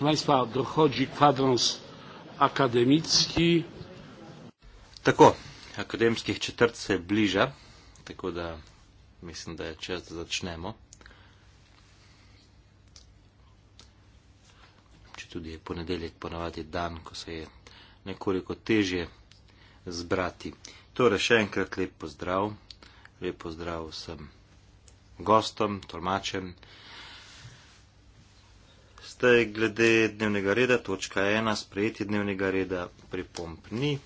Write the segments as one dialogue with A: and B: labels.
A: Państwa dochodzi kwadrans akademicki. Tako, akademskih četrt se bliža, tako da mislim, da je čas, da začnemo. Če tudi je ponedeljek ponavadi dan, ko se je nekoliko težje zbrati. Torej, še enkrat lep pozdrav, lep pozdrav vsem gostom, tolmačem. Zdaj, glede dnevnega reda, točka ena, sprejeti dnevnega reda, pripomp ni.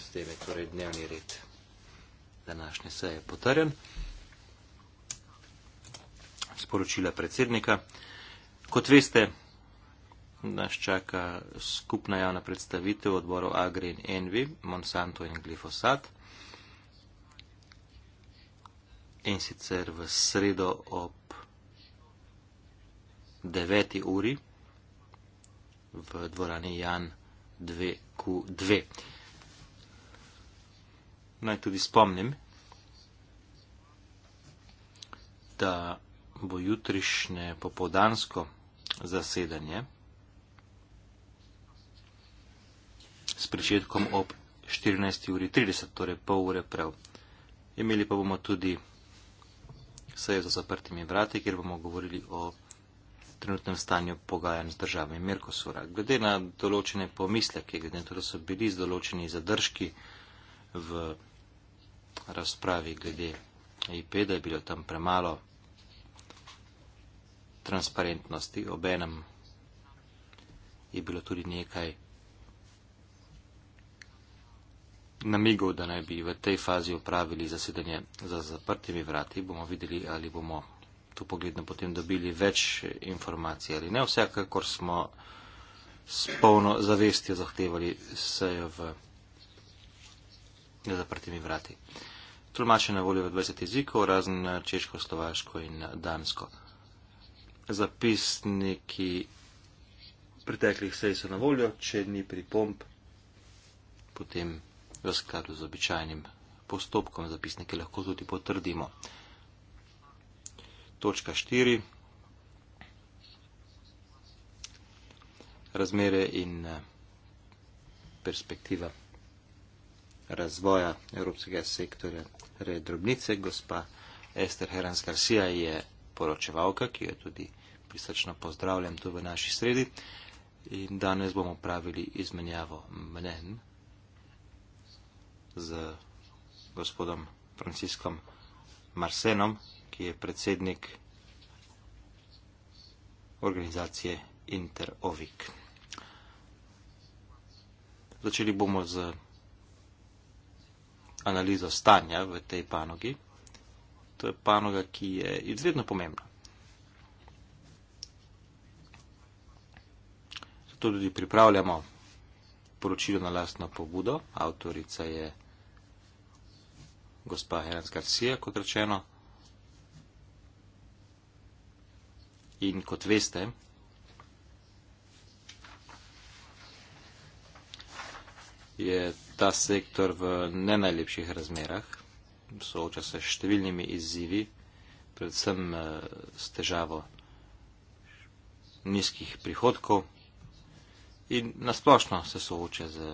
A: S tem je torej dnevni red današnje seje potrjen. Sporočila predsednika. Kot veste, nas čaka skupna javna predstavitev odborov Agri in Envi, Monsanto in Glifosat. In sicer v sredo ob 9. uri v dvorani Jan 2Q2. Naj tudi spomnim, da bo jutrišnje popodansko zasedanje s pričetkom ob 14.30, torej pol ure prav. Imeli pa bomo tudi sejo za zaprtimi vrati, kjer bomo govorili o trenutnem stanju pogajanj z državami Mirkosura. Glede na določene pomisleke, glede na to, da so bili izdoločeni zadržki v razpravi glede IP, e da je bilo tam premalo transparentnosti, obenem je bilo tudi nekaj namigov, da naj bi v tej fazi upravili zasedanje za zaprtimi vrati, bomo videli, ali bomo tu pogledno potem dobili več informacij ali ne. Vsekakor smo s polno zavestjo zahtevali sejo v zaprtimi vrati. Tolmače na voljo v 20 jezikov, razen češko, slovaško in dansko. Zapisniki preteklih sej so na voljo, če ni pripomp, potem v skladu z običajnim postopkom zapisnike lahko tudi potrdimo točka 4, razmere in eh, perspektiva razvoja Evropskega sektorja redrobnice. Torej Gospa Ester Heranskarsija je poročevalka, ki jo tudi prisrčno pozdravljam tu v naši sredi. In danes bomo pravili izmenjavo mnen z gospodom Franciskom Marsenom, ki je predsednik organizacije Interovik. Začeli bomo z analizo stanja v tej panogi. To je panoga, ki je izredno pomembna. Zato tudi pripravljamo poročilo na lastno pobudo. Avtorica je gospa Helen Garcia, kot rečeno. In kot veste, je ta sektor v ne najlepših razmerah, sooča se s številnimi izzivi, predvsem eh, s težavo nizkih prihodkov in nasplošno se sooča z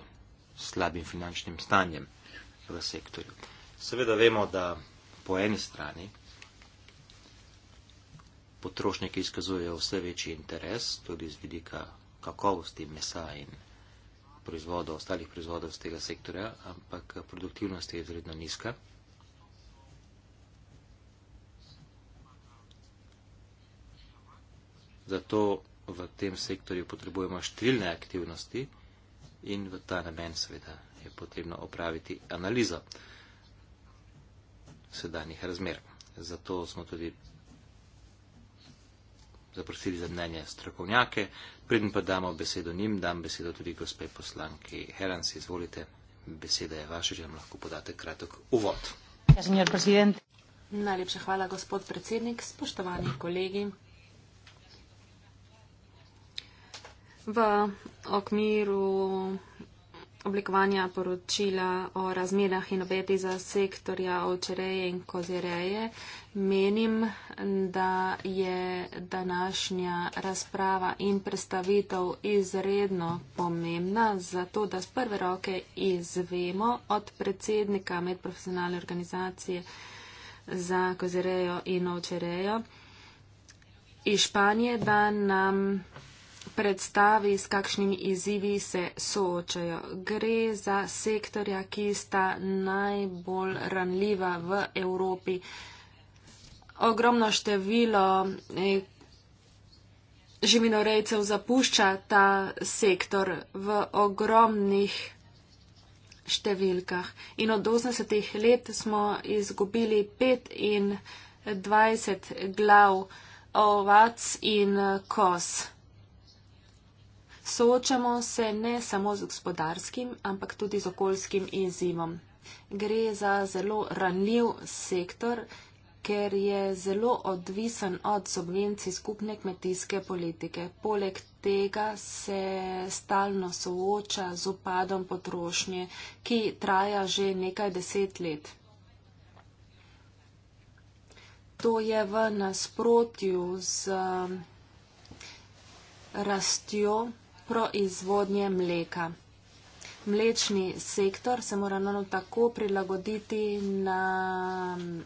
A: slabim finančnim stanjem v sektorju. Seveda vemo, da po eni strani potrošniki izkazujejo vse večji interes, tudi z vidika kakovosti mesa in proizvodov, ostalih proizvodov z tega sektorja, ampak produktivnost je izredno nizka. Zato v tem sektorju potrebujemo številne aktivnosti in v ta namen seveda je potrebno opraviti analizo sedanjih razmer. Zato smo tudi zaprosili za mnenje strokovnjake. Preden pa damo besedo njim, dam besedo tudi gospe poslanki Herans. Izvolite, beseda je vaša, že vam lahko podate kratek uvod.
B: Ja, Najlepša hvala, gospod predsednik, spoštovani kolegi. V okmiru oblikovanja poročila o razmerah in obeti za sektorja ovčereje in kozereje Menim, da je današnja razprava in predstavitev izredno pomembna, zato da z prve roke izvemo od predsednika medprofesionalne organizacije za kozerejo in ovčerejo iz Španije, da nam predstavi, s kakšnimi izzivi se soočajo. Gre za sektorja, ki sta najbolj ranljiva v Evropi ogromno število eh, živinorejcev zapušča ta sektor v ogromnih številkah. In od 80 let smo izgubili 25 glav ovac in eh, kos. Soočamo se ne samo z gospodarskim, ampak tudi z okoljskim izzivom. Gre za zelo ranljiv sektor ker je zelo odvisen od subvencij skupne kmetijske politike. Poleg tega se stalno sooča z upadom potrošnje, ki traja že nekaj deset let. To je v nasprotju z rastjo proizvodnje mleka mlečni sektor se mora nujno tako prilagoditi na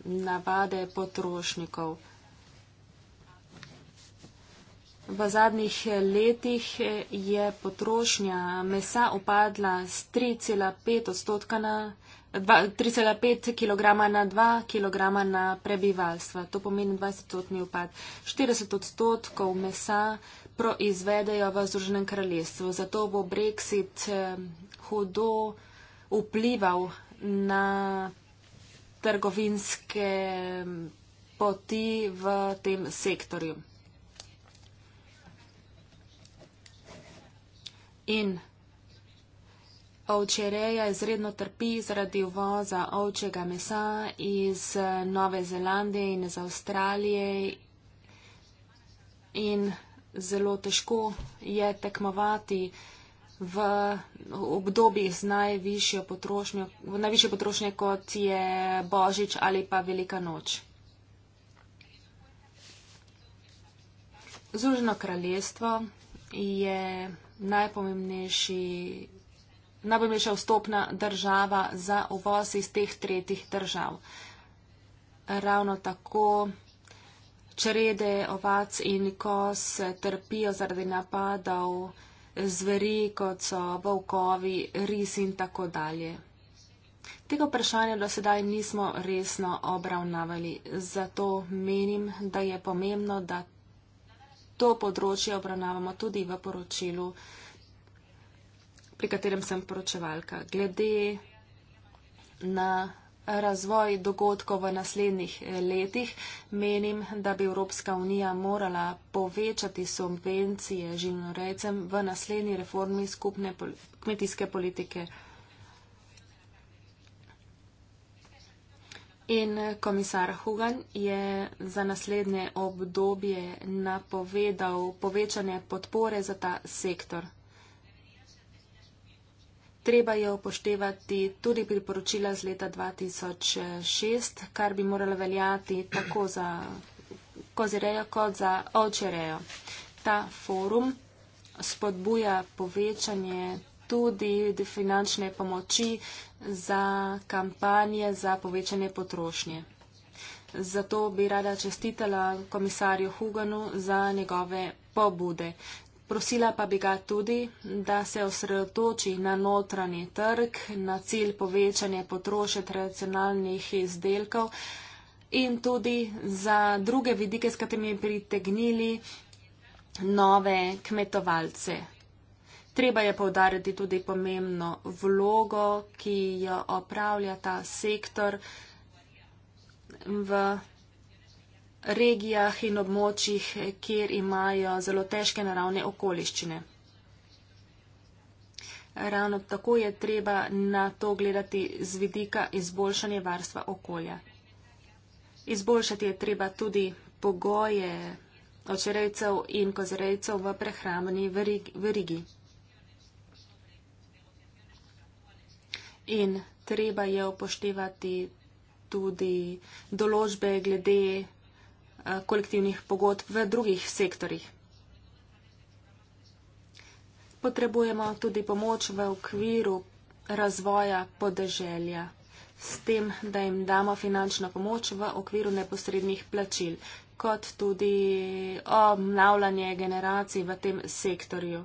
B: navade potrošnikov. V zadnjih letih je potrošnja mesa upadla z 3,5 odstotka na 3,5 kg na 2 kg na prebivalstvo. To pomeni 20-odstotni upad. 40 odstotkov mesa proizvedejo v Združenem kraljestvu. Zato bo Brexit hudo vplival na trgovinske poti v tem sektorju. In ovčereja izredno trpi zaradi uvoza ovčega mesa iz eh, Nove Zelandije in iz Avstralije in zelo težko je tekmovati v obdobjih z najvišjo potrošnjo, najvišjo potrošnjo kot je Božič ali pa Velika noč. Zuženo kraljestvo je najpomembnejši, najpomembnejša vstopna država za uvoz iz teh tretjih držav. Ravno tako črede ovac in kos trpijo zaradi napadov zveri, kot so volkovi, ris in tako dalje. Tega vprašanja do sedaj nismo resno obravnavali, zato menim, da je pomembno, da to področje obravnavamo tudi v poročilu, pri katerem sem poročevalka. Glede na razvoj dogodkov v naslednjih eh, letih. Menim, da bi Evropska unija morala povečati subvencije živinorejcem v naslednji reformi skupne kmetijske politike. In eh, komisar Hugan je za naslednje obdobje napovedal povečanje podpore za ta sektor. Treba je upoštevati tudi priporočila z leta 2006, kar bi moralo veljati tako za kozirejo kot za očerejo. Ta forum spodbuja povečanje tudi finančne pomoči za kampanje za povečanje potrošnje. Zato bi rada čestitala komisarju Huganu za njegove pobude. Prosila pa bi ga tudi, da se osredotoči na notranji trg, na cilj povečanja potroše tradicionalnih izdelkov in tudi za druge vidike, s katerimi bi pritegnili nove kmetovalce. Treba je povdariti tudi pomembno vlogo, ki jo opravlja ta sektor v regijah in območjih, kjer imajo zelo težke naravne okoliščine. Ravno tako je treba na to gledati z vidika izboljšanja varstva okolja. Izboljšati je treba tudi pogoje očerejcev in kozerejcev v prehrambeni verigi. In treba je upoštevati tudi določbe glede Eh, kolektivnih pogodb v drugih sektorjih. Potrebujemo tudi pomoč v okviru razvoja podeželja s tem, da jim damo finančno pomoč v okviru neposrednih plačil, kot tudi obnavljanje generacij v tem sektorju.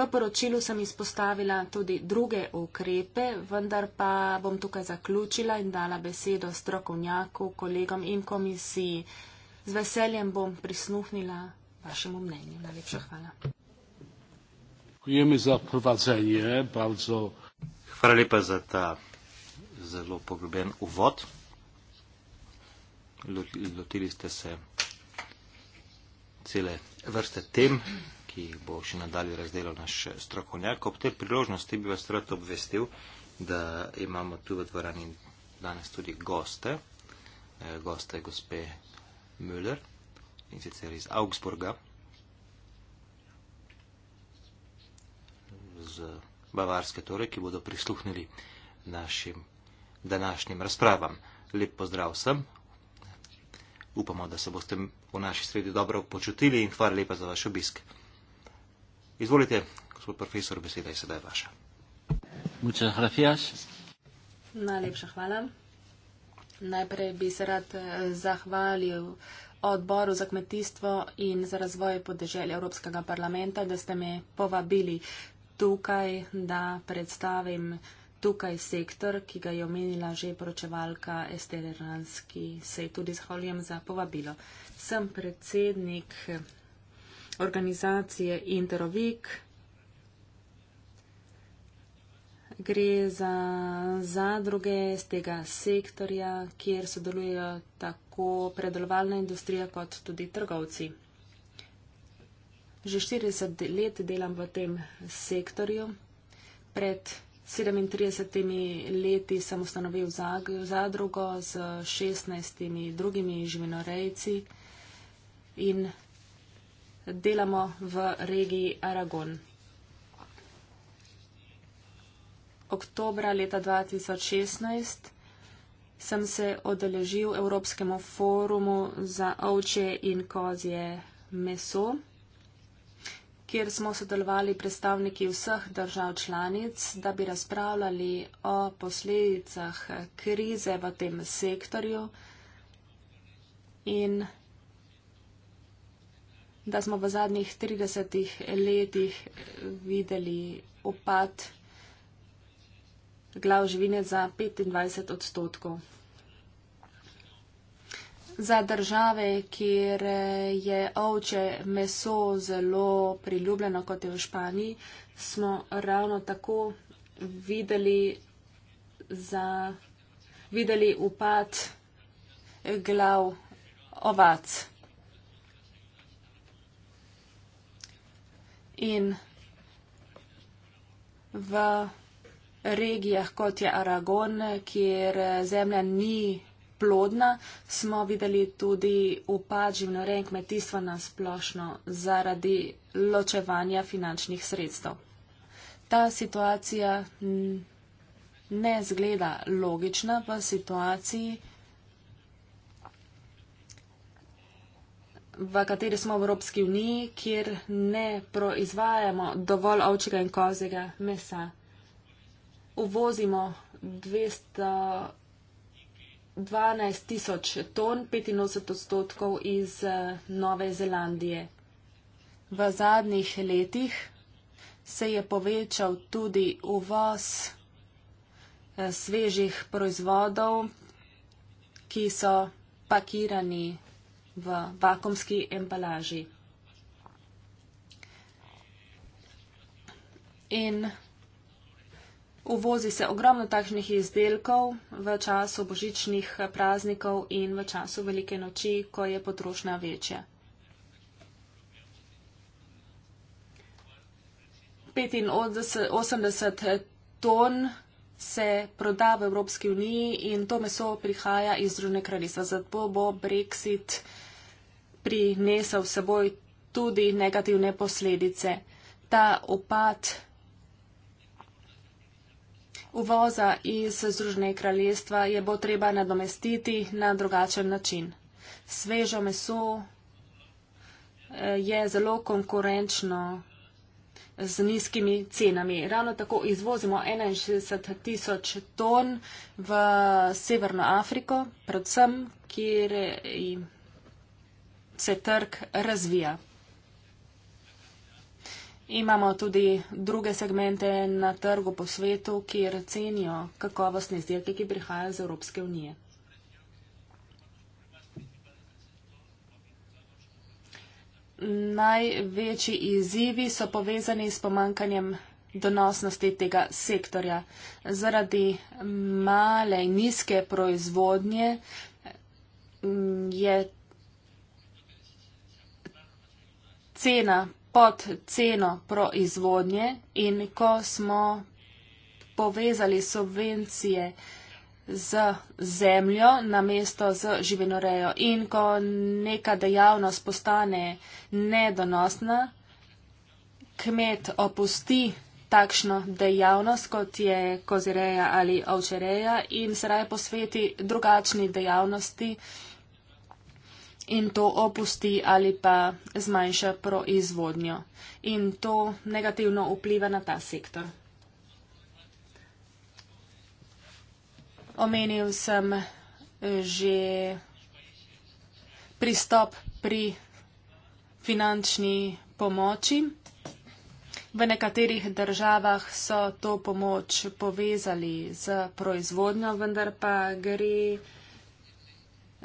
B: V poročilu sem izpostavila tudi druge ukrepe, vendar pa bom tukaj zaključila in dala besedo strokovnjaku, kolegom in komisiji. Z veseljem bom prisluhnila vašemu mnenju. Najlepša hvala.
A: Hvala lepa za ta zelo poglobljen uvod. Lotili ste se cele vrste tem, ki jih bo še nadalje razdelal naš strokovnjak. Ob tej priložnosti bi vas rad obvestil, da imamo tu v dvorani danes tudi goste. Eh, goste gospe Müller, in sicer iz Augsburga, z Bavarske torej, ki bodo prisluhnili našim današnjim razpravam. Lep pozdrav sem. Upamo, da se boste v naši sredi dobro počutili in hvala lepa za vaš obisk. Izvolite, gospod profesor, beseda je sedaj vaša. Muchas gracias.
B: Najlepša hvala. Najprej bi se rad eh, zahvalil odboru za kmetijstvo in za razvoj podeželja Evropskega parlamenta, da ste me povabili tukaj, da predstavim tukaj sektor, ki ga je omenila že poročevalka Estere Ranski. Se tudi zahvaljujem za povabilo. Sem predsednik organizacije Interovik, gre za zadruge z tega sektorja, kjer sodelujejo tako predelovalna industrija kot tudi trgovci. Že 40 let delam v tem sektorju. Pred 37 leti sem ustanovil zadrugo z 16 drugimi živinorejci in delamo v regiji Aragon. oktobra leta 2016 sem se odeležil Evropskemu forumu za ovče in kozje meso, kjer smo sodelovali predstavniki vseh držav članic, da bi razpravljali o posledicah krize v tem sektorju in da smo v zadnjih 30 letih videli upad glav živine za 25 odstotkov. Za države, kjer je ovče meso zelo priljubljeno, kot je v Španiji, smo ravno tako videli, za, videli upad glav ovac. In v regijah, kot je Aragon, kjer zemlja ni plodna, smo videli tudi upad živnoren kmetijstva na splošno zaradi ločevanja finančnih sredstev. Ta situacija ne zgleda logična v situaciji, v kateri smo v Evropski uniji, kjer ne proizvajamo dovolj ovčega in kozega mesa uvozimo 212 tisoč ton, 85 odstotkov iz eh, Nove Zelandije. V zadnjih letih se je povečal tudi uvoz eh, svežih proizvodov, ki so pakirani v vakumski embalaži. In Uvozi se ogromno takšnih izdelkov v času božičnih praznikov in v času velike noči, ko je potrošnja večja. 85 ton se proda v Evropski uniji in to meso prihaja iz Združene kraljestva. Zato bo Brexit prinesel v seboj tudi negativne posledice. Ta opad uvoza iz Združne kraljestva je bo treba nadomestiti na drugačen način. Svežo meso eh, je zelo konkurenčno z nizkimi cenami. Ravno tako izvozimo 61 tisoč ton v Severno Afriko, predvsem, kjer eh, se trg razvija. Imamo tudi druge segmente na trgu po svetu, kjer cenijo kakovostne izdelke, ki prihajajo iz Evropske unije. Največji izzivi so povezani s pomankanjem donosnosti tega sektorja. Zaradi male in nizke proizvodnje mm, je cena pod ceno proizvodnje in ko smo povezali subvencije z zemljo na mesto z živinorejo in ko neka dejavnost postane nedonosna, kmet opusti takšno dejavnost, kot je kozireja ali ovčereja in se raje posveti drugačni dejavnosti, in to opusti ali pa zmanjša proizvodnjo. In to negativno vpliva na ta sektor. Omenil sem eh, že pristop pri finančni pomoči. V nekaterih državah so to pomoč povezali z proizvodnjo, vendar pa gre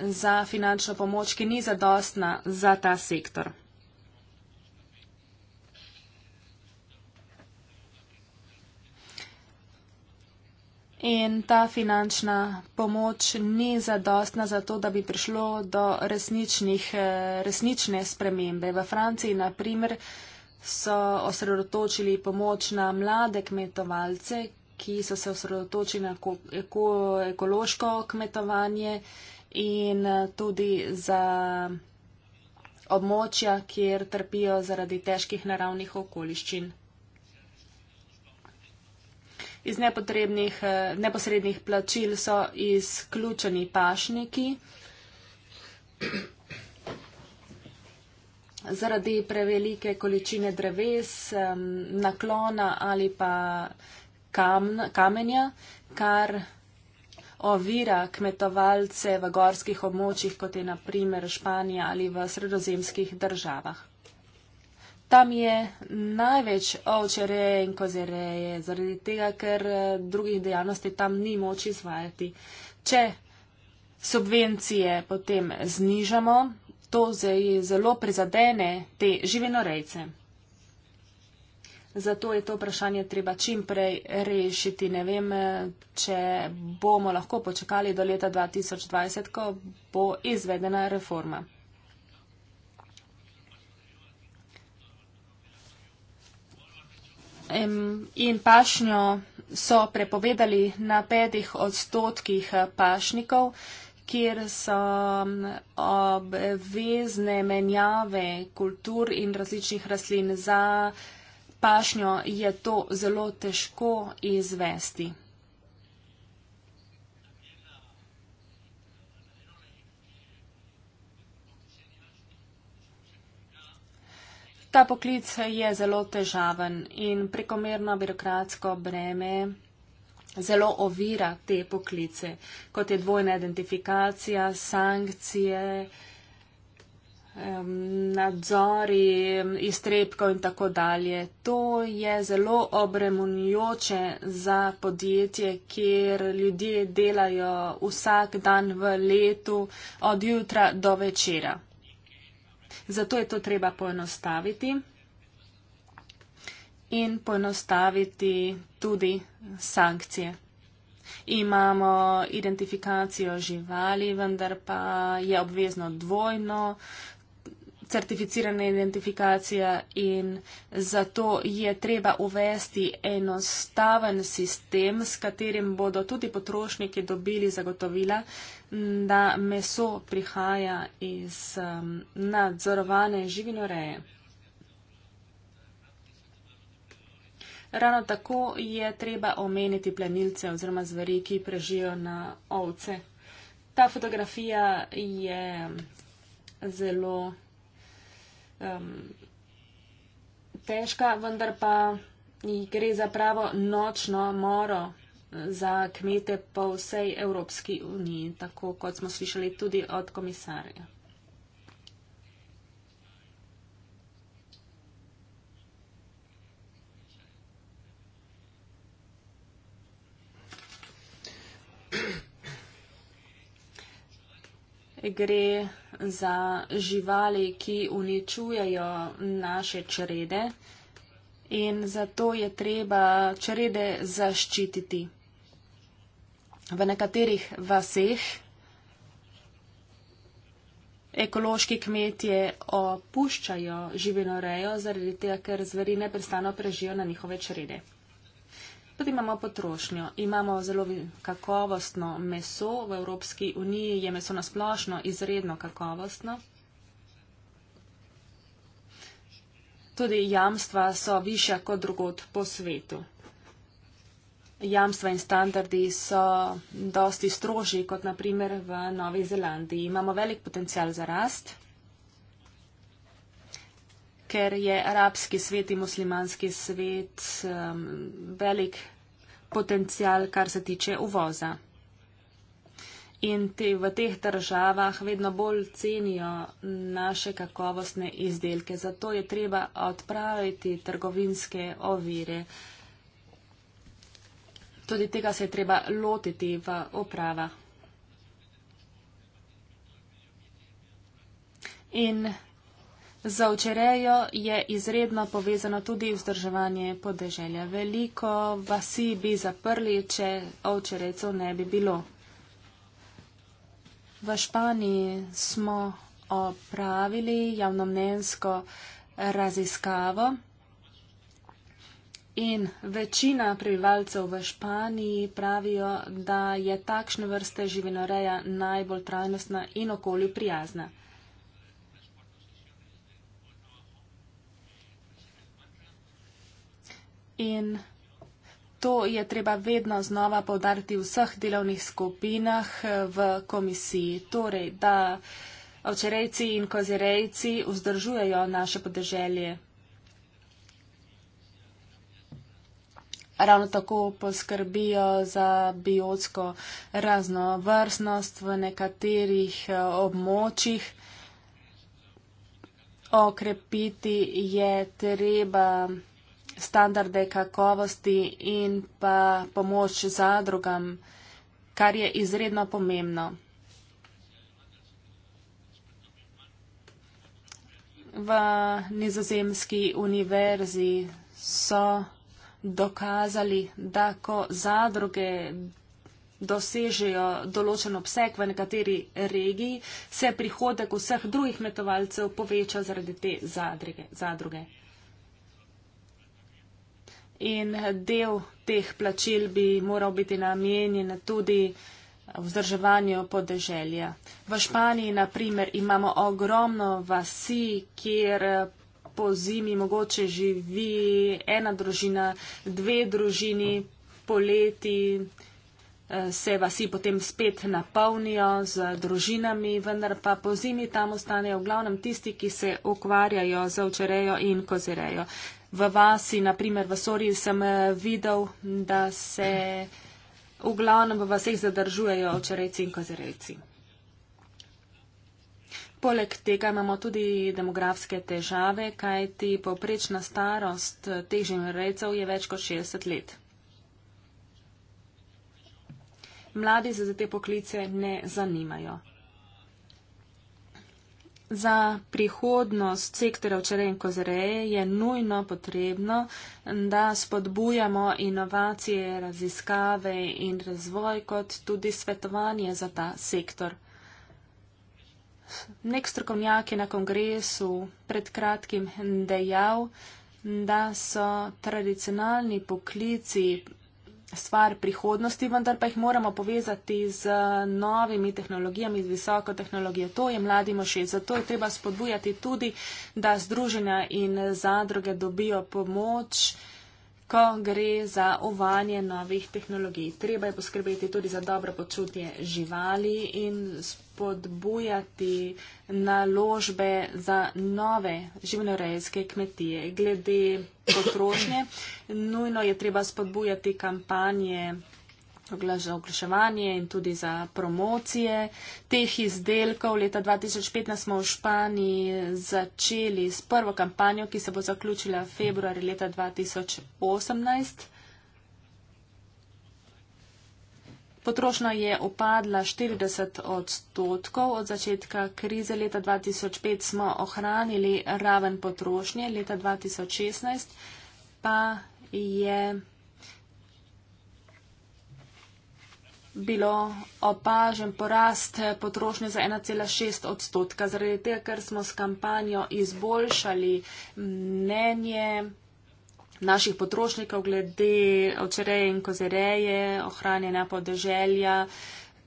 B: za finančno pomoč, ki ni zadostna za ta sektor. In ta finančna pomoč ni zadostna za to, da bi prišlo do eh, resnične spremembe. V Franciji, na primer, so osredotočili pomoč na mlade kmetovalce, ki so se osredotočili na ekološko kmetovanje in eh, tudi za območja, kjer trpijo zaradi težkih naravnih okoliščin. Iz eh, neposrednih plačil so izključeni pašniki. Zaradi prevelike količine dreves, naklona ali pa kamen, kamenja, kar ovira kmetovalce v gorskih območjih, kot je naprimer Španija ali v sredozemskih državah. Tam je največ ovčereje in kozereje, zaradi tega, ker eh, drugih dejavnosti tam ni moč izvajati. Če subvencije potem znižamo, to zelo prizadene te živinorejce. Zato je to vprašanje treba čim prej rešiti. Ne vem, če bomo lahko počakali do leta 2020, ko bo izvedena reforma. In pašnjo so prepovedali na petih odstotkih pašnikov, kjer so obvezne menjave kultur in različnih raslin za pašnjo pašnjo je to zelo težko izvesti. Ta poklic je zelo težaven in prekomerno birokratsko breme zelo ovira te poklice, kot je dvojna identifikacija, sankcije, um, nadzori, iztrebkov in tako dalje. To je zelo obremunjujoče za podjetje, kjer ljudje delajo vsak dan v letu od jutra do večera. Zato je to treba poenostaviti in poenostaviti tudi sankcije. Imamo identifikacijo živali, vendar pa je obvezno dvojno, certificirana identifikacija in zato je treba uvesti enostaven sistem, s katerim bodo tudi potrošniki dobili zagotovila, da meso prihaja iz um, nadzorovane živinoreje. Ravno tako je treba omeniti plenilce oziroma zveri, ki prežijo na ovce. Ta fotografija je zelo um, težka, vendar pa gre za pravo nočno moro eh, za kmete po vsej Evropski uniji, tako kot smo slišali tudi od komisarja. Yeah gre za živali, ki uničujejo naše črede in zato je treba črede zaščititi. V nekaterih vaseh ekološki kmetje opuščajo živinorejo zaradi tega, ker zveri neprestano prežijo na njihove črede. Tudi imamo potrošnjo. Imamo zelo kakovostno meso. V Evropski uniji je meso nasplošno izredno kakovostno. Tudi jamstva so višja kot drugot po svetu. Jamstva in standardi so dosti strožji kot naprimer v Novi Zelandiji. Imamo velik potencial za rast ker je arabski svet in muslimanski svet um, velik potencial, kar se tiče uvoza. In te, v teh državah vedno bolj cenijo naše kakovostne izdelke, zato je treba odpraviti trgovinske ovire. Tudi tega se je treba lotiti v oprava. In Za včerajo je izredno povezano tudi vzdrževanje podeželja. Veliko vasi bi zaprli, če ovčerejcev ne bi bilo. V Španiji smo opravili javnomnensko raziskavo in večina prebivalcev v Španiji pravijo, da je takšne vrste živinoreja najbolj trajnostna in okolju prijazna. In to je treba vedno znova povdariti v vseh delovnih skupinah eh, v komisiji. Torej, da očerejci in kozirejci vzdržujejo naše podeželje. Ravno tako poskrbijo za biotsko raznovrstnost v nekaterih eh, območjih. Okrepiti je treba standarde kakovosti in pa pomoč zadrugam, kar je izredno pomembno. V nizozemski univerzi so dokazali, da ko zadruge dosežejo določen obseg v nekateri regiji, se prihodek vseh drugih metovalcev poveča zaradi te zadruge. zadruge in del teh plačil bi moral biti namenjen tudi vzdrževanju podeželja. V Španiji, na primer, imamo ogromno vasi, kjer po zimi mogoče živi ena družina, dve družini, poleti eh, se vasi potem spet napolnijo z družinami, vendar pa po zimi tam ostanejo v glavnem tisti, ki se ukvarjajo za včerejo in kozirejo v vasi, naprimer v Soriji, sem eh, videl, da se v glavnem v vaseh zadržujejo očereci in kozereci. Poleg tega imamo tudi demografske težave, kajti povprečna starost eh, teh žemrecev je več kot 60 let. Mladi se za te poklice ne zanimajo. Za prihodnost sektora včeraj in kozreje je nujno potrebno, da spodbujamo inovacije, raziskave in razvoj kot tudi svetovanje za ta sektor. Nek strokovnjak je na kongresu pred kratkim dejal, da so tradicionalni poklici stvar prihodnosti, vendar pa jih moramo povezati z novimi tehnologijami, z visoko tehnologijo. To je mladim všeč. Zato je treba spodbujati tudi, da združenja in zadruge dobijo pomoč, ko gre za uvanje novih tehnologij. Treba je poskrbeti tudi za dobro počutje živali in spodbujati naložbe za nove živnorejske kmetije. Glede potrošnje. Nujno je treba spodbujati kampanje za oglaševanje in tudi za promocije teh izdelkov. Leta 2015 smo v Španiji začeli s prvo kampanjo, ki se bo zaključila februarja leta 2018. Potrošnja je upadla 40 odstotkov. Od začetka krize leta 2005 smo ohranili raven potrošnje, leta 2016 pa je bilo opažen porast potrošnje za 1,6 odstotka, zaradi tega, ker smo s kampanjo izboljšali mnenje naših potrošnikov glede očereje in kozereje, ohranjanja podeželja,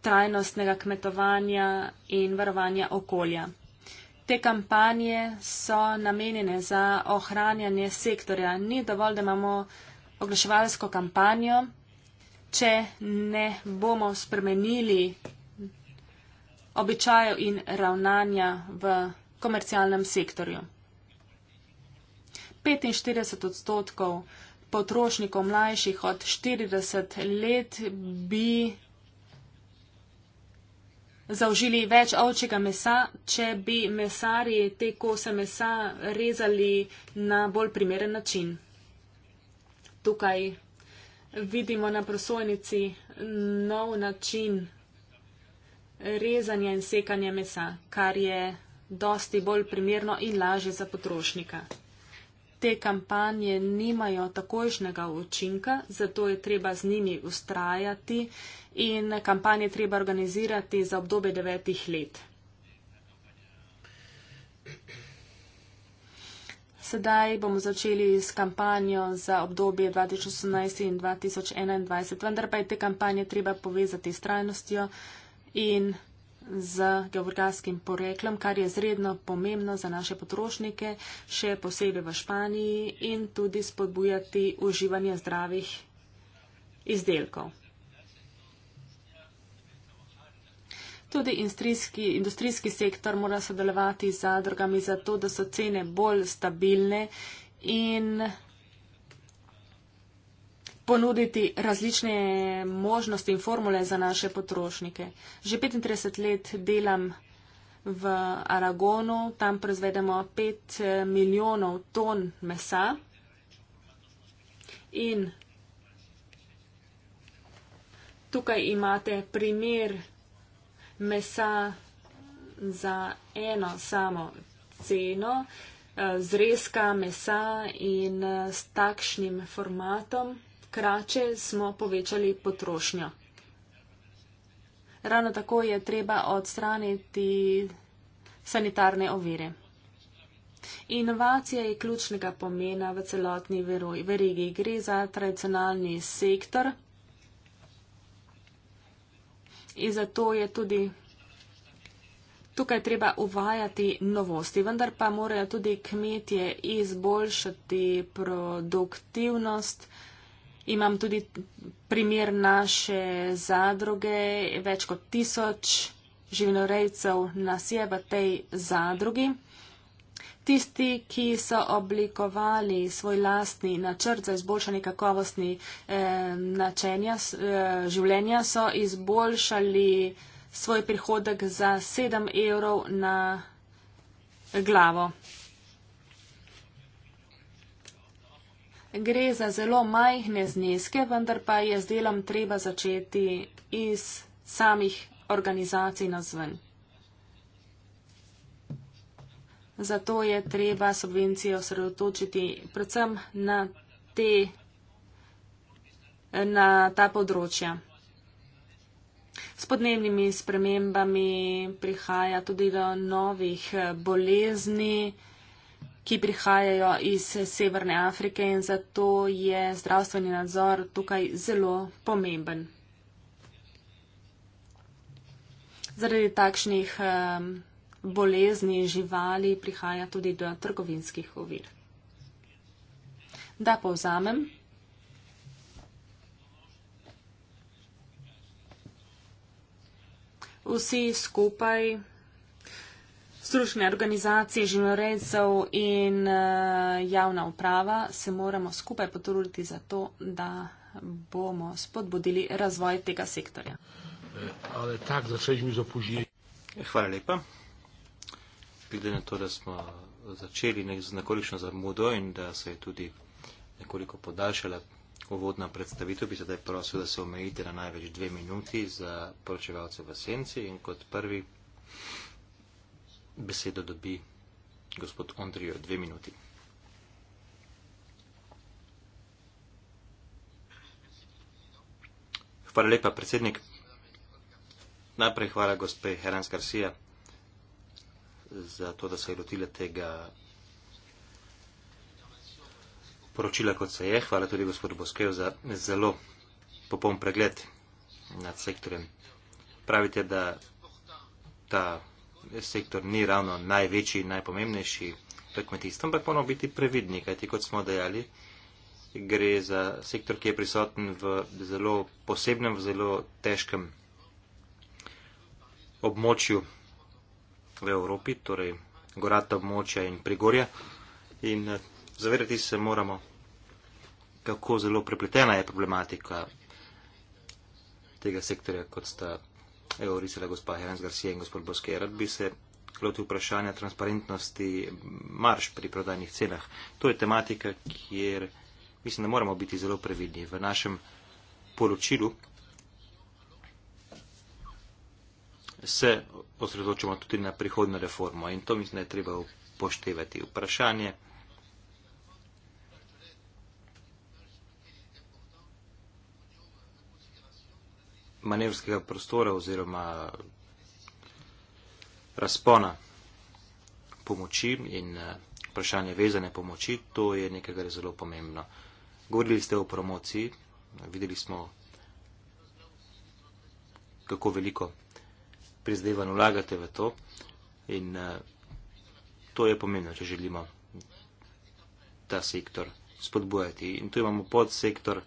B: trajnostnega kmetovanja in varovanja okolja. Te kampanje so namenjene za ohranjanje sektorja. Ni dovolj, da imamo oglaševalsko kampanjo, če ne bomo spremenili običajev in ravnanja v komercialnem sektorju. 45 odstotkov potrošnikov mlajših od 40 let bi zaužili več ovčjega mesa, če bi mesarji te kose mesa rezali na bolj primeren način. Tukaj vidimo na prosojnici nov način rezanja in sekanja mesa, kar je dosti bolj primerno in lažje za potrošnika te kampanje nimajo takojšnjega učinka, zato je treba z njimi ustrajati in kampanje treba organizirati za obdobje devetih let. Sedaj bomo začeli s kampanjo za obdobje 2018 in 2021, vendar pa je te kampanje treba povezati s trajnostjo in z geografskim poreklom, kar je zredno pomembno za naše potrošnike, še posebej v Španiji in tudi spodbujati uživanje zdravih izdelkov. Tudi industrijski, industrijski sektor mora sodelovati z zadrugami za to, da so cene bolj stabilne in ponuditi različne možnosti in formule za naše potrošnike. Že 35 let delam v Aragonu, tam proizvedemo 5 eh, milijonov ton mesa in tukaj imate primer mesa za eno samo ceno, eh, zrezka mesa in eh, s takšnim formatom krače smo povečali potrošnjo. Ravno tako je treba odstraniti sanitarne ovire. Inovacija je ključnega pomena v celotni verigi. Gre za tradicionalni sektor in zato je tudi tukaj treba uvajati novosti, vendar pa morajo tudi kmetje izboljšati produktivnost Imam tudi primer naše zadruge, več kot tisoč živinorejcev nas je v tej zadrugi. Tisti, ki so oblikovali svoj lastni načrt za izboljšanje kakovosti eh, načenja, eh, življenja, so izboljšali svoj prihodek za 7 evrov na glavo. Gre za zelo majhne zneske, vendar pa je z delom treba začeti iz samih organizacij nazven. Zato je treba subvencije osredotočiti predvsem na, te, na ta področja. S podnebnimi spremembami prihaja tudi do novih bolezni ki prihajajo iz Severne Afrike in zato je zdravstveni nadzor tukaj zelo pomemben. Zaradi takšnih bolezni živali prihaja tudi do trgovinskih ovir. Da povzamem. Vsi skupaj stručne organizacije, življorejcev in eh, javna uprava se moramo skupaj potruditi za to, da bomo spodbudili razvoj tega sektorja.
A: Eh, eh, hvala lepa. Glede na to, da smo začeli z nekolično zamudo in da se je tudi nekoliko podaljšala uvodna predstavitev, bi sedaj prosil, da se omejite na največ dve minuti za poročevalce v senci in kot prvi besedo dobi gospod Ondrijo dve minuti. Hvala lepa, predsednik. Najprej hvala gospe Herans Garcia za to, da se je lotila tega poročila, kot se je. Hvala tudi gospodu Boskev za zelo popoln pregled nad sektorjem. Pravite, da ta sektor ni ravno največji in najpomembnejši v kmetijstvu, ampak moramo biti previdni, kajti kot smo dejali, gre za sektor, ki je prisoten v zelo posebnem, v zelo težkem območju v Evropi, torej gorata območja in prigorja. In eh, zavedati se moramo, kako zelo prepletena je problematika tega sektorja, kot sta govorila gospa Herenc Garcia in gospod Bosker, bi se loti vprašanja transparentnosti marš pri prodajnih cenah. To je tematika, kjer mislim, da moramo biti zelo previdni. V našem poročilu se osredotočamo tudi na prihodno reformo in to mislim, da je treba upoštevati. Vprašanje. manevrskega prostora oziroma razpona pomoči in eh, vprašanje vezane pomoči, to je nekaj, kar je zelo pomembno. Govorili ste o promociji, videli smo, kako veliko prizdevanj vlagate v to in eh, to je pomembno, če želimo ta sektor spodbujati. In tu imamo podsektor,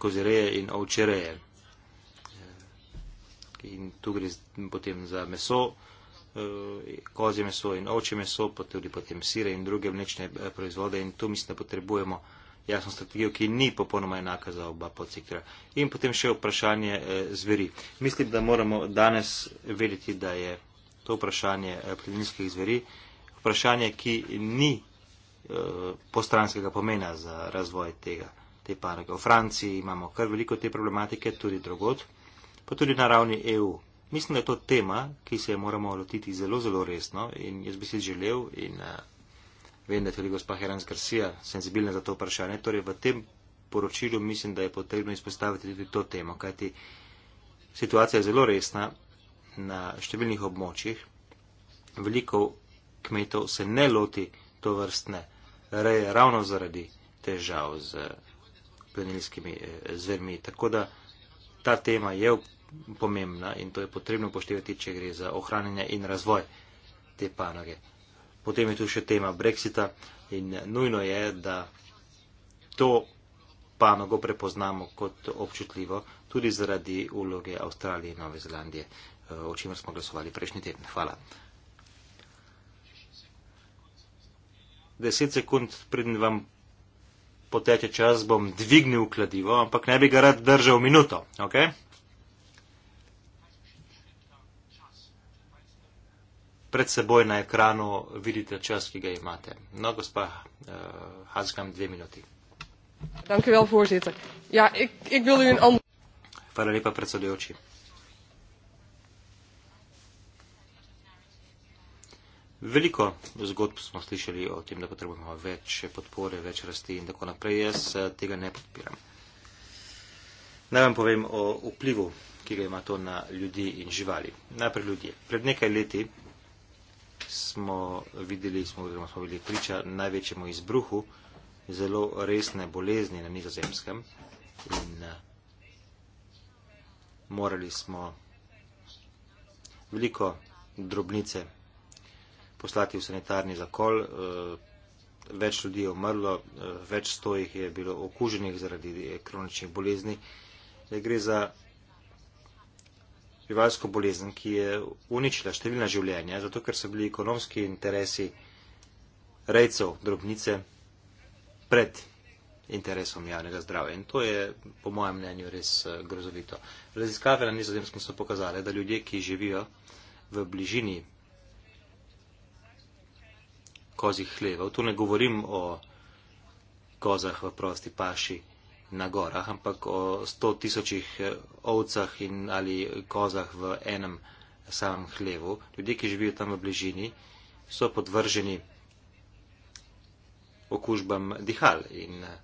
A: skozi reje in ovče reje. In tu gre potem za meso, eh, kozje meso in ovče meso, pa tudi potem sire in druge mlečne eh, proizvode in tu mislim, da potrebujemo jasno strategijo, ki ni popolnoma enaka za oba podsektora. In potem še vprašanje eh, zveri. Mislim, da moramo danes vedeti, da je to vprašanje plinskih zveri vprašanje, ki ni postranskega pomena za razvoj tega te panoge. V Franciji imamo kar veliko te problematike, tudi drugot, pa tudi na ravni EU. Mislim, da je to tema, ki se je moramo lotiti zelo, zelo resno in jaz bi si želel in uh, vem, da je tudi gospa Herans Garcia senzibilna za to vprašanje. Torej, v tem poročilu mislim, da je potrebno izpostaviti tudi to temo, kajti situacija je zelo resna na številnih območjih. Veliko kmetov se ne loti to vrstne reje ravno zaradi težav z plenilskimi eh, zvermi. Tako da ta tema je pomembna in to je potrebno poštevati, če gre za ohranjanje in razvoj te panoge. Potem je tu še tema Brexita in nujno je, da to panogo prepoznamo kot občutljivo tudi zaradi uloge Avstralije in Nove Zelandije, eh, o čemer smo glasovali prejšnji teden. Hvala. 10 sekund, preden vam poteče čas, bom dvignil kladivo, ampak ne bi ga rad držal minuto. Okay? Pred seboj na ekranu vidite čas, ki ga imate. No, gospa, uh, eh, haskam dve minuti.
B: Dank u wel, voorzitter. Ja, ik, ik wil u een ander.
A: Hvala lepa, predsedujoči. Veliko zgodb smo slišali o tem, da potrebujemo več podpore, več rasti in tako naprej. Jaz eh, tega ne podpiram. Naj vam povem o vplivu, ki ga ima to na ljudi in živali. Najprej ljudje. Pred nekaj leti smo videli, smo, smo bili priča največjemu izbruhu zelo resne bolezni na nizozemskem in eh, morali smo veliko drobnice poslati v sanitarni zakol. Eh, več ljudi je umrlo, eh, več stojih je bilo okuženih zaradi eh, kroničnih bolezni. Gre za živalsko bolezen, ki je uničila številna življenja, zato ker so bili ekonomski interesi rejcev drobnice pred interesom javnega zdravja. In to je, po mojem mnenju, res grozovito. Raziskave na nizozemskem so pokazale, da ljudje, ki živijo v bližini kozih hlevov. Tu ne govorim o kozah v prosti paši na gorah, ampak o sto tisočih eh, ovcah in ali kozah v enem samem hlevu. Ljudje, ki živijo tam v bližini, so podvrženi okužbam dihal in eh,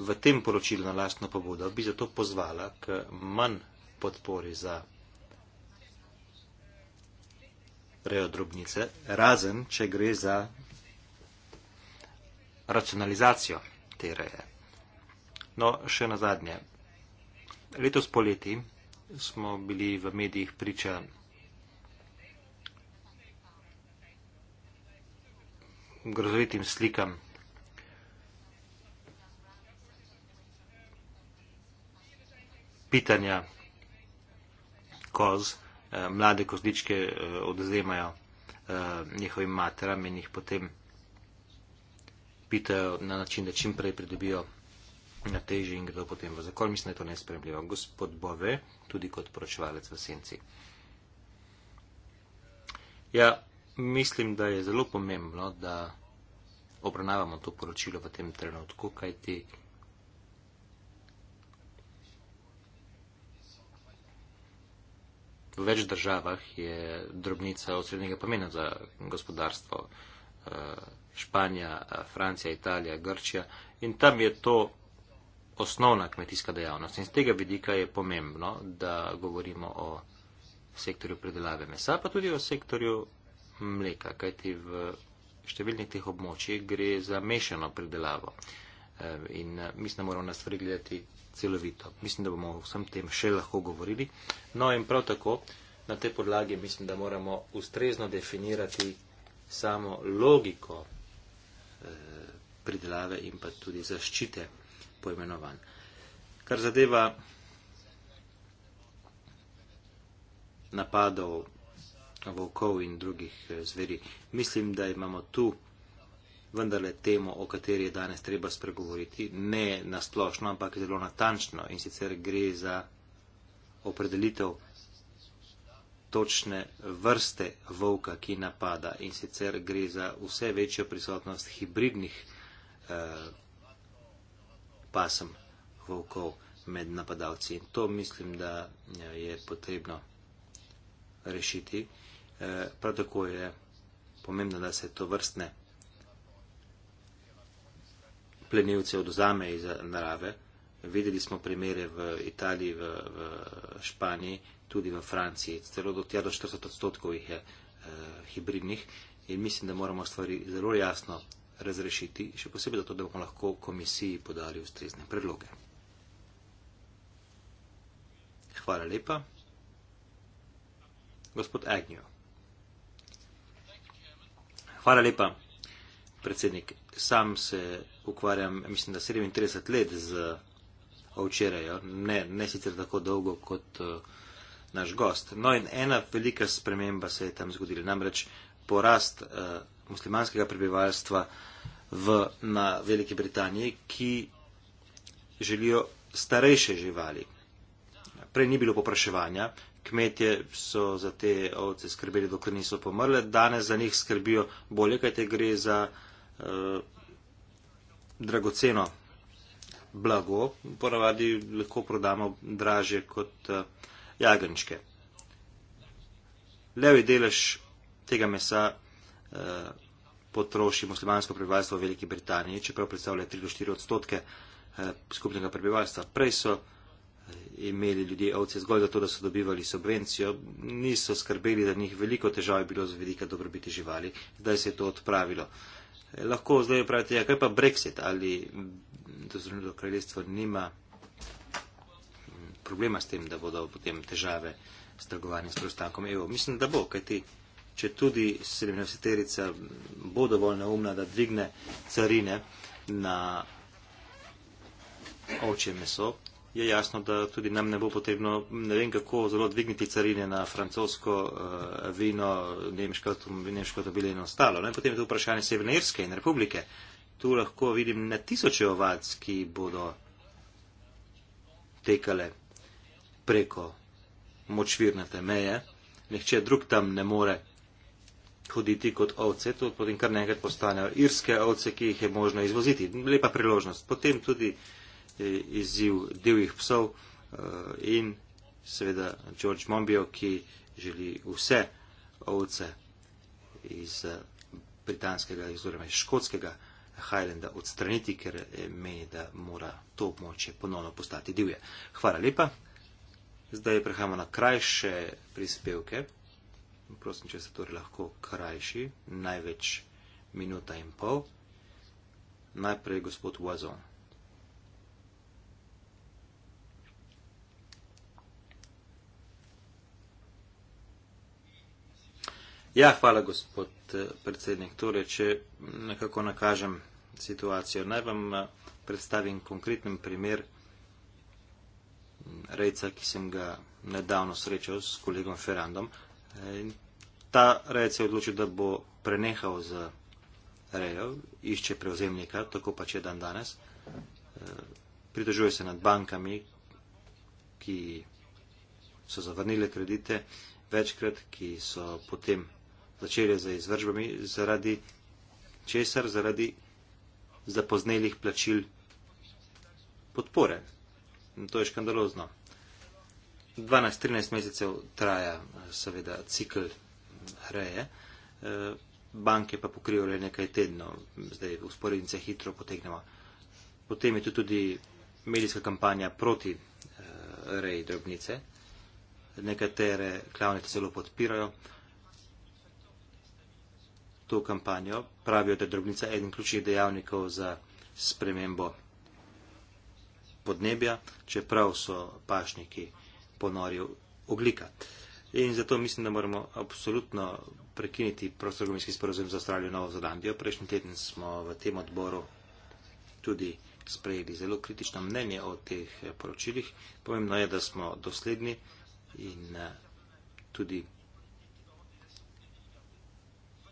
A: v tem poročilu na lastno pobudo bi zato pozvala k manj podpori za rejo drobnice, razen če gre za racionalizacijo te reje. No, še na zadnje. Letos poleti smo bili v medijih priča grozovitim slikam pitanja koz, eh, mlade kozličke eh, odzemajo eh, njihovim materam in jih potem pitajo na način, da čim prej pridobijo na teži in gredo potem v zakol. Mislim, da je to nespremljivo. Gospod Bove, tudi kot poročevalec v senci. Ja, mislim, da je zelo pomembno, da obravnavamo to poročilo v tem trenutku, kajti. V več državah je drobnica osrednjega pomena za gospodarstvo, eh, Španija, Francija, Italija, Grčija in tam je to osnovna kmetijska dejavnost. In z tega vidika je pomembno, da govorimo o sektorju predelave mesa, pa tudi o sektorju mleka, kajti v številnih teh območjih gre za mešano predelavo. In eh, mislim, da moramo na stvari gledati celovito. Mislim, da bomo vsem tem še lahko govorili. No in prav tako na te podlagi mislim, da moramo ustrezno definirati samo logiko Eh, pridelave in pa tudi zaščite poimenovanj. Kar zadeva napadov volkov in drugih eh, zveri, mislim, da imamo tu vendarle temo, o kateri je danes treba spregovoriti, ne nasplošno, ampak zelo natančno in sicer gre za opredelitev točne vrste volka, ki napada in sicer gre za vse večjo prisotnost hibridnih eh, pasem volkov med napadalci. In to mislim, da eh, je potrebno rešiti. Eh, prav tako je pomembno, da se to vrstne plenilce odozame iz narave. Videli smo primere v Italiji, v, v Španiji, tudi v Franciji. Celo do 40 odstotkov jih je eh, hibridnih in mislim, da moramo stvari zelo jasno razrešiti, še posebej zato, da bomo lahko komisiji podali ustrezne predloge. Hvala lepa. Gospod Agnew. Hvala lepa, predsednik. Sam se ukvarjam, mislim, da 37 let z včeraj, ja. ne, ne sicer tako dolgo kot uh, naš gost. No in ena velika sprememba se je tam zgodila, namreč porast uh, muslimanskega prebivalstva v, na Veliki Britaniji, ki želijo starejše živali. Prej ni bilo popraševanja, kmetje so za te ovce skrbeli, dokler niso pomrle, danes za njih skrbijo bolje, kaj te gre za uh, dragoceno blago, ponavadi lahko prodamo draže kot uh, eh, jagrničke. Levi delež tega mesa uh, potroši muslimansko prebivalstvo v Veliki Britaniji, čeprav predstavlja 3-4 odstotke uh, skupnega prebivalstva. Prej so imeli ljudje ovce zgolj zato, da so dobivali subvencijo, niso skrbeli, da njih veliko težav je bilo z vedika dobrobiti živali. Zdaj se je to odpravilo. Lahko zdaj upravite, ja, kaj pa Brexit ali da zunilo kraljestvo nima mm, problema s tem, da bodo potem težave s trgovanjem s preostankom evrov. Mislim, da bo, kajti če tudi 17-terica bo dovolj neumna, da dvigne carine na ovčje meso, je jasno, da tudi nam ne bo potrebno, ne vem kako, zelo dvigniti carine na francosko uh, vino, nemško, nemško dobile in ostalo. Ne? Potem je to vprašanje Severne Irske in Republike. Uh, tu lahko vidim na tisoče ovac, ki bodo tekale preko močvirnate meje. Nihče drug tam ne more hoditi kot ovce, to potem kar nekaj postanejo irske ovce, ki jih je možno izvoziti. Lepa priložnost. Potem tudi eh, izziv divjih psov eh, in seveda George Mombio, ki želi vse ovce iz eh, britanskega oziroma iz škotskega Highlanda odstraniti, ker eh, meni, da mora to območje ponovno postati divje. Hvala lepa. Zdaj prehajamo na krajše prispevke. Prosim, če se torej lahko krajši, največ minuta in pol. Najprej gospod Wazon. Ja, hvala, gospod eh, predsednik. Torej, če nekako nakažem situacijo, naj vam eh, predstavim konkreten primer rejca, ki sem ga nedavno srečal s kolegom Ferrandom. Eh, ta rejec je odločil, da bo prenehal z rejo, išče prevzemnika, tako pač je dan danes. Pritožuje se nad bankami, ki so zavrnile kredite večkrat, ki so potem začele za izvržbami, zaradi česar, zaradi zapoznelih plačil podpore. In to je škandalozno. 12-13 mesecev traja seveda cikl reje, e, banke pa pokrijo le nekaj tednov, zdaj v sporednice hitro potegnemo. Potem je tu tudi medijska kampanja proti e, reji drobnice. Nekatere klavnice celo podpirajo to kampanjo. Pravijo, da je drobnica eden ključnih dejavnikov za spremembo podnebja, čeprav so pašniki ponori oglika. In zato mislim, da moramo apsolutno prekiniti prostorogomijski sporozum za Avstralijo in Novo Zelandijo. Prejšnji teden smo v tem odboru tudi sprejeli zelo kritično mnenje o teh poročilih. Pomembno je, da smo dosledni in eh, tudi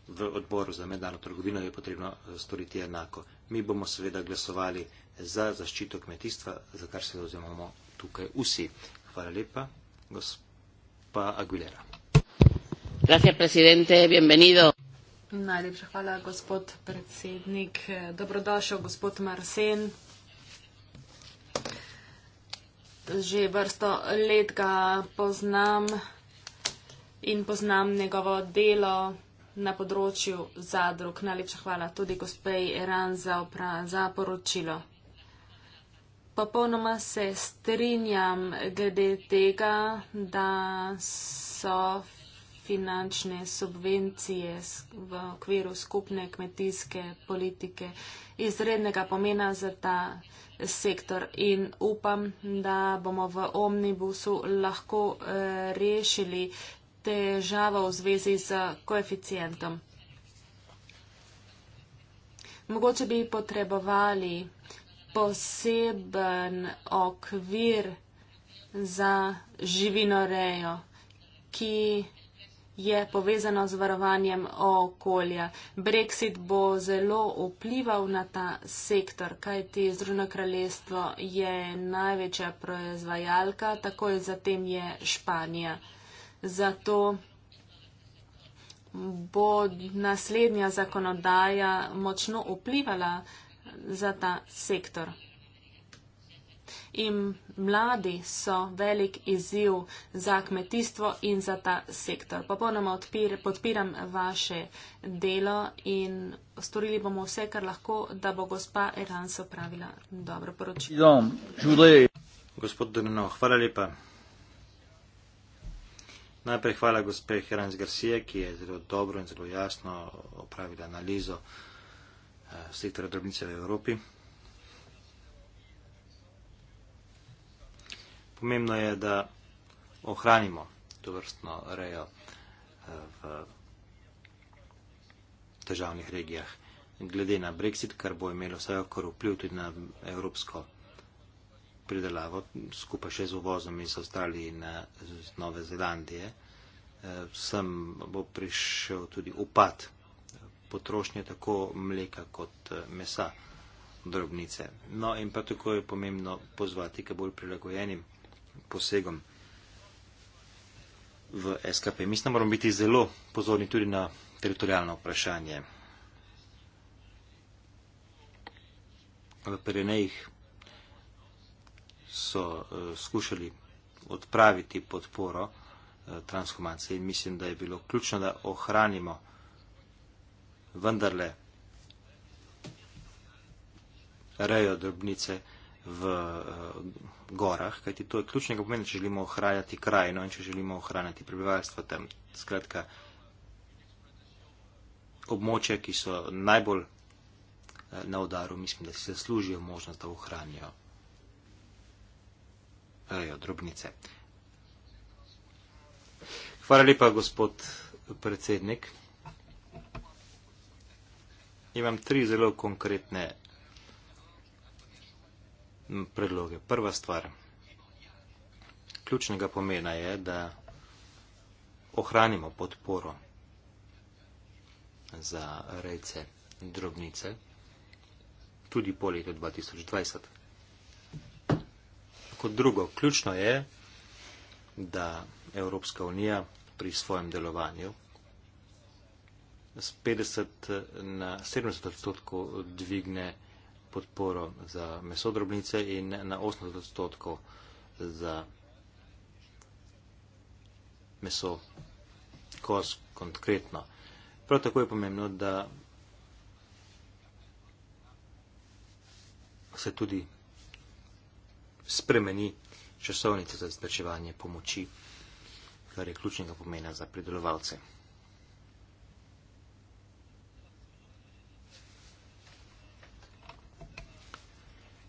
A: v odboru za mednarodno trgovino je potrebno eh, storiti enako. Mi bomo seveda glasovali za zaščito kmetijstva, za kar se dozemamo tukaj vsi. Hvala lepa, gospa Aguilera.
B: Gracias, presidente, bienvenido. Najlepša hvala, gospod predsednik. Dobrodošel, gospod Marsen. Že vrsto let ga poznam in poznam njegovo delo na področju zadrug. Najlepša hvala tudi gospej Eran za, opra, za poročilo. Popolnoma se strinjam glede tega, da so finančne subvencije v okviru skupne kmetijske politike izrednega pomena za ta sektor in upam, da bomo v omnibusu lahko eh, rešili težavo v zvezi z koeficientom. Mogoče bi potrebovali poseben okvir za živinorejo, ki je povezano z varovanjem okolja. Brexit bo zelo vplival na ta sektor, kajti Združeno kraljestvo je največja proizvajalka, takoj zatem je Španija zato bo naslednja zakonodaja močno vplivala za ta sektor. In mladi so velik izziv za kmetijstvo in za ta sektor. Popolnoma odpir, podpiram vaše delo in storili bomo vse, kar lahko, da bo gospa Eranso pravila dobro poročilo.
A: Gospod Domino, hvala lepa. Najprej hvala gospe Hrans Garcije, ki je zelo dobro in zelo jasno opravila analizo eh, sektora drobnice v Evropi. Pomembno je, da ohranimo to vrstno rejo eh, v državnih regijah. Glede na Brexit, kar bo imelo vsaj okor vpliv tudi na evropsko pridelavo, skupaj še z uvozom iz Avstralije in iz Nove Zelandije, eh, sem bo prišel tudi upad potrošnje tako mleka kot eh, mesa, drobnice. No in pa tako je pomembno pozvati k bolj prilagojenim posegom v SKP. Mislim, moramo biti zelo pozorni tudi na teritorijalno vprašanje. V Pirinejih so uh, skušali odpraviti podporo uh, transhumancije in mislim, da je bilo ključno, da ohranimo vendarle rejo drobnice v uh, gorah, kajti to je ključnega pomena, če želimo ohranjati krajino in če želimo ohranjati prebivalstvo tam. Skratka, območja, ki so najbolj uh, na udaru, mislim, da si zaslužijo možnost, da ohranijo rajo drobnice. Hvala lepa, gospod predsednik. Imam tri zelo konkretne predloge. Prva stvar. Ključnega pomena je, da ohranimo podporo za rejce drobnice tudi po letu 2020 kot drugo. Ključno je, da Evropska unija pri svojem delovanju z 50 na 70 odstotkov dvigne podporo za mesodrobnice in na 80 odstotkov za meso koz konkretno. Prav tako je pomembno, da se tudi spremeni časovnice za izdrčevanje pomoči, kar je ključnega pomena za pridelovalce.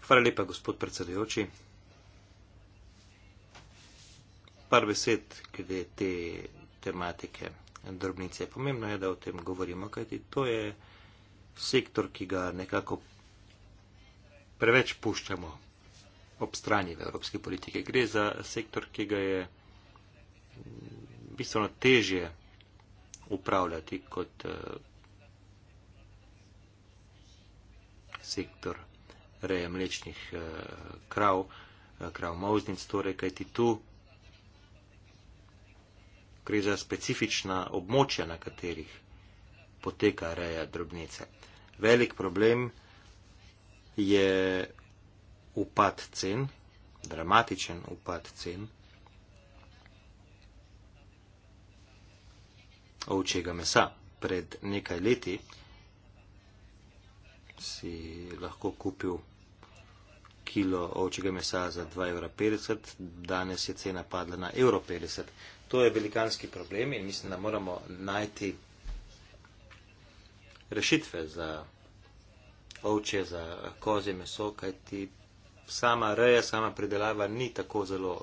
A: Hvala lepa, gospod predsedujoči. Par besed, kde te tematike drobnice. Pomembno je, da o tem govorimo, kajti to je sektor, ki ga nekako preveč puščamo ob strani v evropski politike. Gre za sektor, ki ga je bistveno težje upravljati kot eh, sektor reje mlečnih eh, krav, eh, krav mauznic, torej kajti tu gre za specifična območja, na katerih poteka reja drobnice. Velik problem je upad cen, dramatičen upad cen, ovčjega mesa. Pred nekaj leti si lahko kupil kilo ovčjega mesa za 2,50 evra, danes je cena padla na 1,50 evra. To je velikanski problem in mislim, da moramo najti rešitve za ovče, za kozje meso, kajti sama reja, sama pridelava ni tako zelo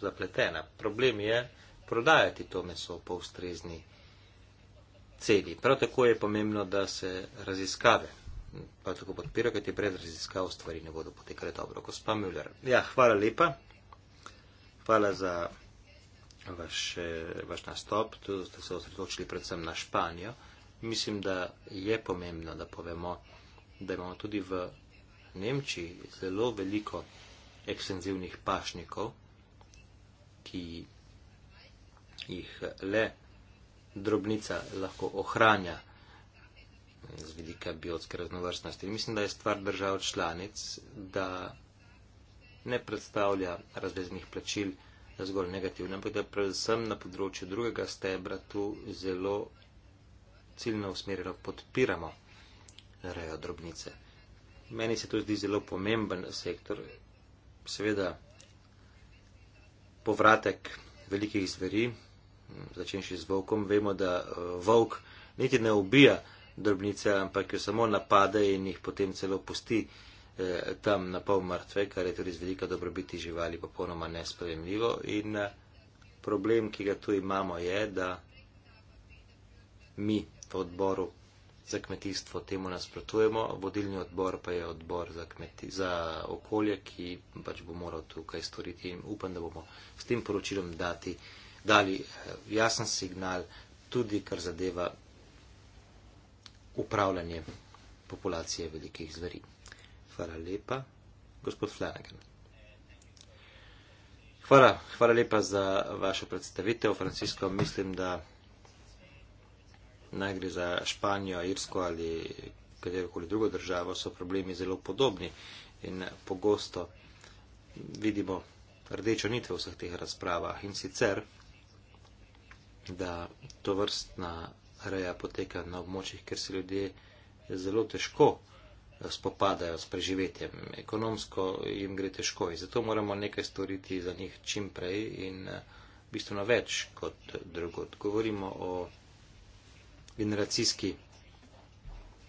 A: zapletena. Problem je prodajati to meso po ustrezni celi. Prav tako je pomembno, da se raziskave. Pa tako podpira, kaj ti brez raziskav stvari ne bodo potekale dobro. Gospa Müller. Ja, hvala lepa. Hvala za vaš, vaš nastop. Tu ste se osredotočili predvsem na Španijo. Mislim, da je pomembno, da povemo, da imamo tudi v Nemčiji zelo veliko ekstenzivnih pašnikov, ki jih le drobnica lahko ohranja z vidika biotske raznovrstnosti. Mislim, da je stvar držav članic, da ne predstavlja razreznih plačil zgolj negativno, ampak da predvsem na področju drugega stebra tu zelo ciljno usmerjeno podpiramo rejo drobnice meni se to zdi zelo pomemben sektor. Seveda, povratek velikih zveri, začenši z volkom, vemo, da eh, volk niti ne ubija drobnice, ampak jo samo napade in jih potem celo pusti eh, tam na pol mrtve, kar je tudi z velika dobrobiti živali popolnoma nespremljivo. In eh, problem, ki ga tu imamo, je, da mi v odboru za kmetijstvo temu nasprotujemo, vodilni odbor pa je odbor za, kmeti, za okolje, ki pač bo moral tukaj storiti in upam, da bomo s tem poročilom dati, dali eh, jasen signal tudi, kar zadeva upravljanje populacije velikih zveri. Hvala lepa, gospod Flanagan. Hvala, hvala lepa za vašo predstavitev, Francisko. Mislim, da naj gre za Španijo, Irsko ali katerokoli drugo državo, so problemi zelo podobni in pogosto vidimo rdečo nitve v vseh teh razpravah in sicer, da to vrstna reja poteka na območjih, ker se ljudje zelo težko eh, spopadajo s preživetjem. Ekonomsko jim gre težko in zato moramo nekaj storiti za njih čim prej in eh, bistveno več kot drugo. Govorimo o generacijski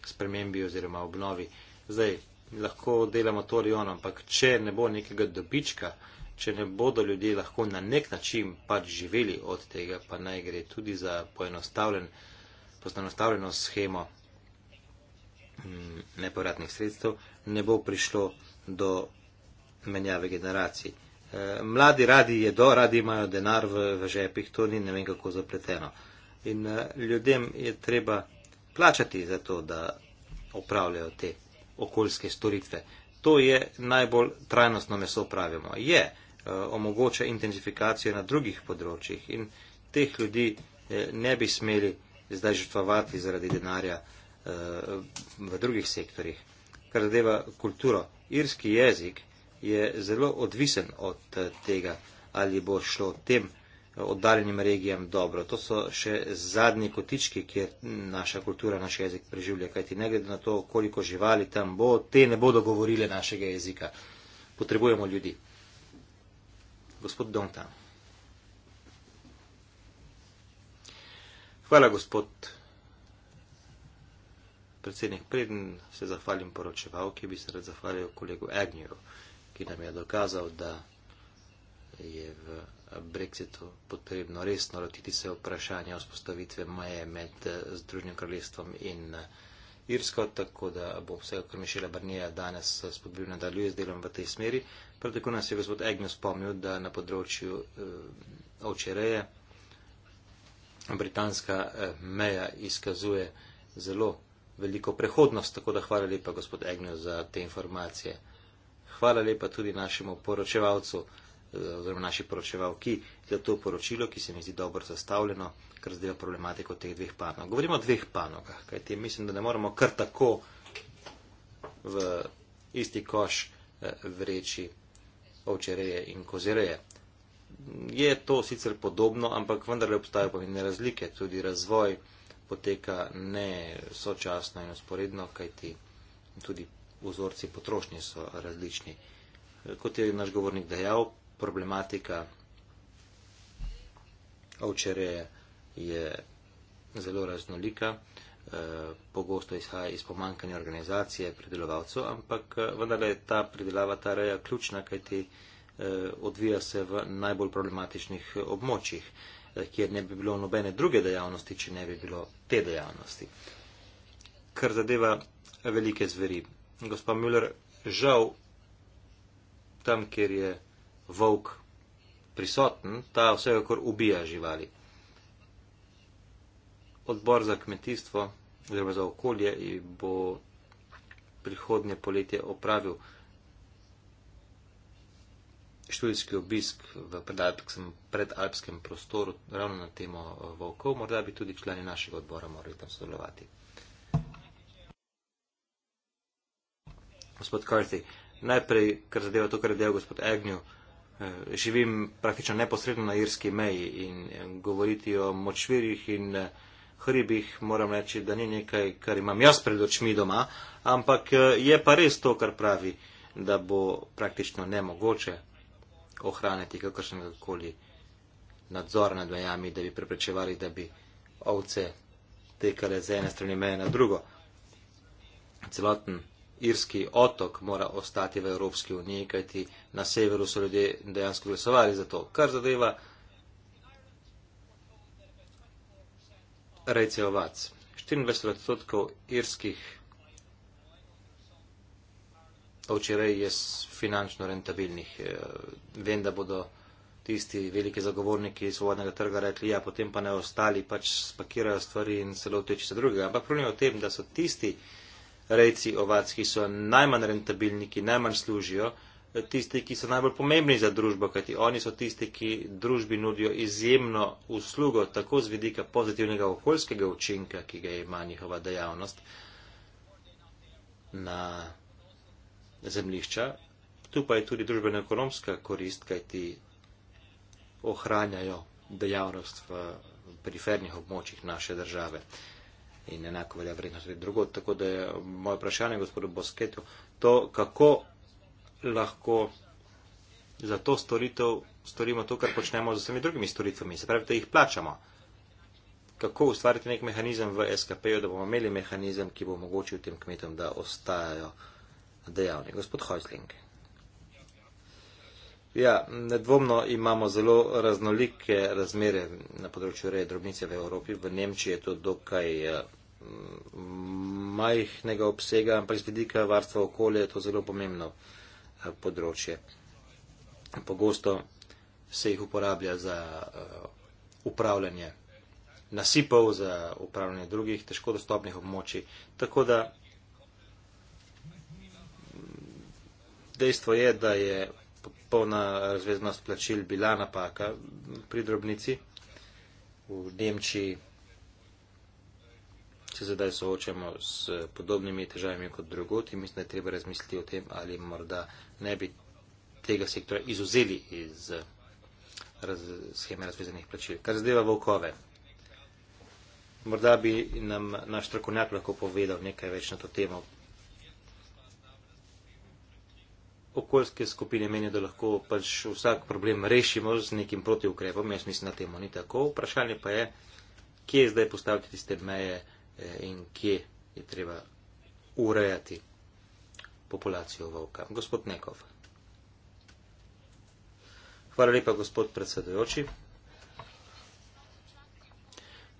A: spremembi oziroma obnovi. Zdaj, lahko delamo to ali ono, ampak če ne bo nekega dobička, če ne bodo ljudje lahko na nek način pač živeli od tega, pa naj gre tudi za poenostavljen, poenostavljeno schemo mm, nepovratnih sredstev, ne bo prišlo do menjave generacij. E, mladi radi jedo, radi imajo denar v, v žepih, to ni ne vem kako zapleteno. In eh, ljudem je treba plačati za to, da opravljajo te okoljske storitve. To je najbolj trajnostno meso, pravimo. Je, eh, omogoča intenzifikacijo na drugih področjih in teh ljudi eh, ne bi smeli zdaj žrtvovati zaradi denarja v drugih sektorjih. Kar zadeva kulturo, irski jezik je zelo odvisen od tega, ali bo šlo tem oddaljenim regijam dobro. To so še zadnji kotički, kjer naša kultura, naš jezik preživlja, kajti ne glede na to, koliko živali tam bo, te ne bodo govorile našega jezika. Potrebujemo ljudi. Gospod Dongtan. Hvala, gospod predsednik. Preden se zahvalim poročevalki, bi se rad zahvalil kolegu Agnjeru, ki nam je dokazal, da je v Brexitu potrebno resno lotiti se vprašanja vzpostavitve maje med eh, Združenim kraljestvom in eh, Irsko, tako da bo vse, kar Mišela Barnija danes eh, spodbil nadaljuje z delom v tej smeri. Prav tako nas je gospod Egno spomnil, da na področju eh, očereje britanska eh, meja izkazuje zelo veliko prehodnost, tako da hvala lepa gospod Egno za te informacije. Hvala lepa tudi našemu poročevalcu. Eh, oziroma naši poročevalki, za to poročilo, ki se mi zdi dobro zastavljeno, ker zdaj problematiko teh dveh panog. Govorimo o dveh panogah, kajti mislim, da ne moramo kar tako v isti koš eh, vreči ovčereje in kozereje. Je to sicer podobno, ampak vendarle obstajajo pomembne razlike. Tudi razvoj poteka ne sočasno in usporedno, kajti tudi vzorci potrošnje so različni. Eh, kot je naš govornik dejal, problematika ovčereje je zelo raznolika, eh, pogosto izhaja iz pomankanja organizacije predelovalcev, ampak eh, vendar je ta predelava, ta reja ključna, kajti eh, odvija se v najbolj problematičnih območjih, kjer ne bi bilo nobene druge dejavnosti, če ne bi bilo te dejavnosti. Kar zadeva velike zveri. Gospod Müller, žal, tam, kjer je volk prisoten, ta vsekakor ubija živali. Odbor za kmetijstvo oziroma za okolje bo prihodnje poletje opravil študijski obisk v predalpskem, predalpskem prostoru ravno na temo eh, volkov. Morda bi tudi člani našega odbora morali tam sodelovati. Gospod Karti, najprej, kar zadeva to, kar je del gospod Agnew, Eh, živim praktično neposredno na irski meji in eh, govoriti o močvirjih in eh, hribih moram reči, da ni nekaj, kar imam jaz pred očmi doma, ampak je pa res to, kar pravi, da bo praktično nemogoče ohraniti kakršnega koli nadzor nad mejami, da bi preprečevali, da bi ovce tekale z ene strani meje na drugo. Celoten irski otok mora ostati v Evropski uniji, kajti na severu so ljudje dejansko glasovali za to. Kar zadeva rejce ovac. 24 odstotkov irskih ovčerej je finančno rentabilnih. E, vem, da bodo tisti veliki zagovorniki svobodnega trga rekli, ja, potem pa ne ostali, pač spakirajo stvari in se lotijo česa drugega. Ampak problem je v tem, da so tisti, rejci ovac, ki so najmanj rentabilni, ki najmanj služijo, eh, tisti, ki so najbolj pomembni za družbo, kajti oni so tisti, ki družbi nudijo izjemno uslugo, tako z vidika pozitivnega okoljskega učinka, ki ga ima njihova dejavnost na zemlišča. Tu pa je tudi družbeno-ekonomska korist, kajti ohranjajo dejavnost v perifernih območjih naše države in enako velja vrednost tudi drugod. Tako da je moje vprašanje, gospodu Bosketu, to, kako lahko za to storitev storimo to, kar počnemo z vsemi drugimi storitvami, se pravi, da jih plačamo. Kako ustvariti nek mehanizem v SKP-ju, da bomo imeli mehanizem, ki bo omogočil tem kmetom, da ostajajo dejavni. Gospod Hojsling. Ja, nedvomno imamo zelo raznolike razmere na področju reje drobnice v Evropi. V Nemčiji je to dokaj eh, majhnega obsega, ampak z vidika varstva okolja je to zelo pomembno eh, področje. Pogosto se jih uporablja za eh, upravljanje nasipov, za upravljanje drugih težko dostopnih območij. Tako da dejstvo je, da je popolna razveznost plačil bila napaka pri drobnici v Nemčiji se zdaj soočamo s podobnimi težavami kot drugot in mislim, da je treba razmisliti o tem, ali morda ne bi tega sektora izuzeli iz raz, scheme razvezanih plačil. Kar zadeva volkove, morda bi nam naš trakonjak lahko povedal nekaj več na to temo. Okoljske skupine menijo, da lahko pač vsak problem rešimo z nekim protiukrepom, jaz mislim, da temu ni tako. Vprašanje pa je, kje je zdaj postaviti tiste meje. Eh, in kje je treba urejati populacijo volka. Gospod Nekov. Hvala lepa, gospod predsedujoči.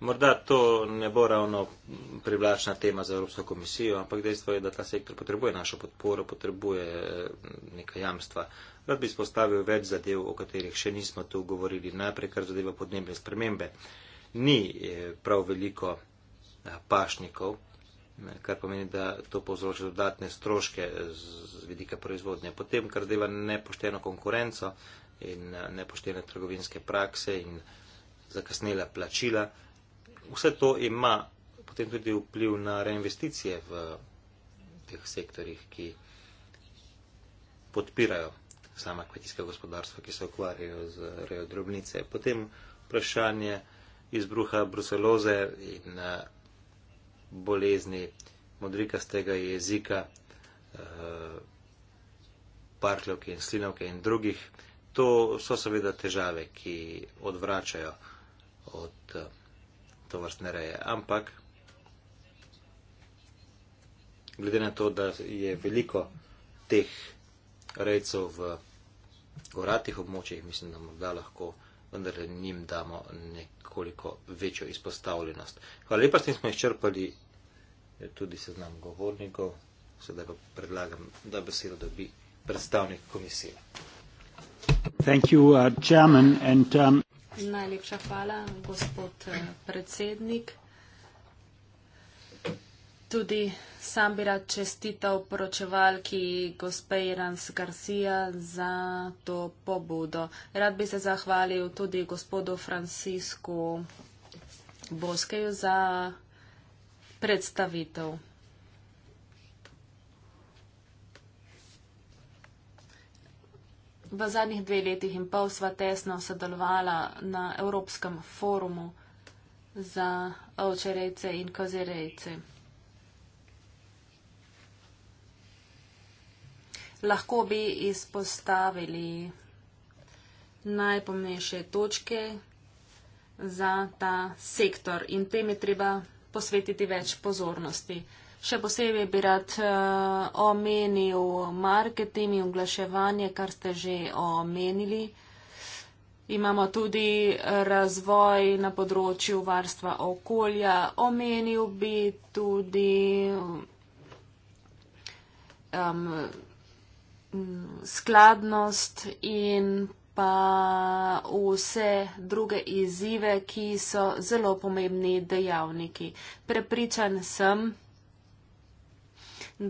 A: Morda to ne bo ravno privlačna tema za Evropsko komisijo, ampak dejstvo je, da ta sektor potrebuje našo podporo, potrebuje eh, neka jamstva. Rad bi spostavil več zadev, o katerih še nismo tu govorili. Najprej, kar zadeva podnebne spremembe. Ni eh, prav veliko pašnikov, kar pomeni, da to povzroča dodatne stroške z vidika proizvodnje. Potem, kar zadeva nepošteno konkurenco in eh, nepoštene trgovinske prakse in zakasnela plačila, vse to ima potem tudi vpliv na reinvesticije v teh sektorjih, ki podpirajo sama kmetijska gospodarstva, ki se ukvarjajo z rejo drobnice. Potem vprašanje izbruha bruseloze in eh, bolezni modrikastega jezika, eh, parkljoke in slinovke in drugih. To so seveda težave, ki odvračajo od eh, to vrstne reje. Ampak, glede na to, da je veliko teh rejcev v goratih območjih, mislim, da morda lahko vendar njim damo nekoliko večjo izpostavljenost. Hvala lepa, s tem smo izčrpali eh, tudi seznam govornikov. Sedaj pa predlagam, da besedo dobi predstavnik komisije. Thank you, uh, chairman, and, um...
B: Najlepša hvala, gospod eh, predsednik. Tudi sam bi rad čestital poročevalki gospe Irans Garcia za to pobudo. Rad bi se zahvalil tudi gospodu Francisku Boskeju za predstavitev. V zadnjih dveh letih in pol sva tesno sodelovala na Evropskem forumu za ovčerejce in kozerejce. lahko bi izpostavili najpomnejše točke za ta sektor in tem je treba posvetiti več pozornosti. Še posebej bi rad uh, omenil marketing in oglaševanje, kar ste že omenili. Imamo tudi razvoj na področju varstva okolja. Omenil bi tudi um, skladnost in pa vse druge izzive, ki so zelo pomembni dejavniki. Prepričan sem,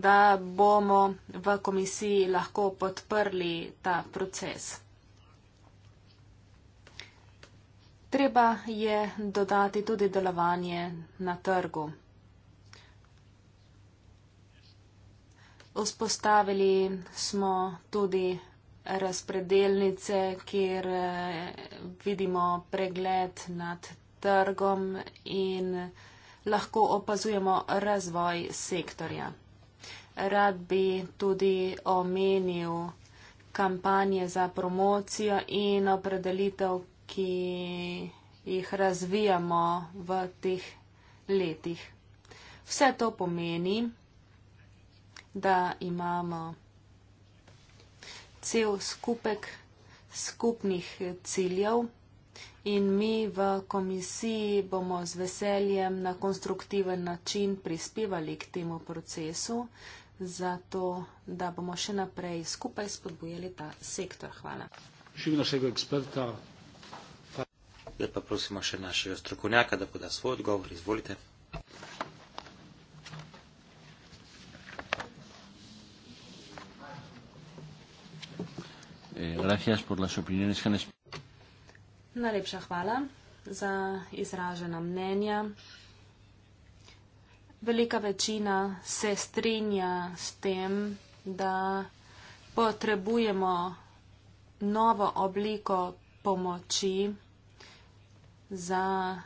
B: da bomo v komisiji lahko podprli ta proces. Treba je dodati tudi delovanje na trgu. Vzpostavili smo tudi razpredelnice, kjer eh, vidimo pregled nad trgom in lahko opazujemo razvoj sektorja. Rad bi tudi omenil kampanje za promocijo in opredelitev, ki jih razvijamo v teh letih. Vse to pomeni, da imamo cel skupek skupnih ciljev in mi v komisiji bomo z veseljem na konstruktiven način prispevali k temu procesu, zato da bomo še naprej skupaj spodbujali ta sektor. Hvala. Živi našega eksperta.
A: Zdaj ja, pa prosimo še našega strokovnjaka, da poda svoj odgovor. Izvolite. Eh, gracias por las opiniones que han
B: Najlepša hvala za izražena mnenja. Velika večina se strinja s tem, da potrebujemo novo obliko pomoči za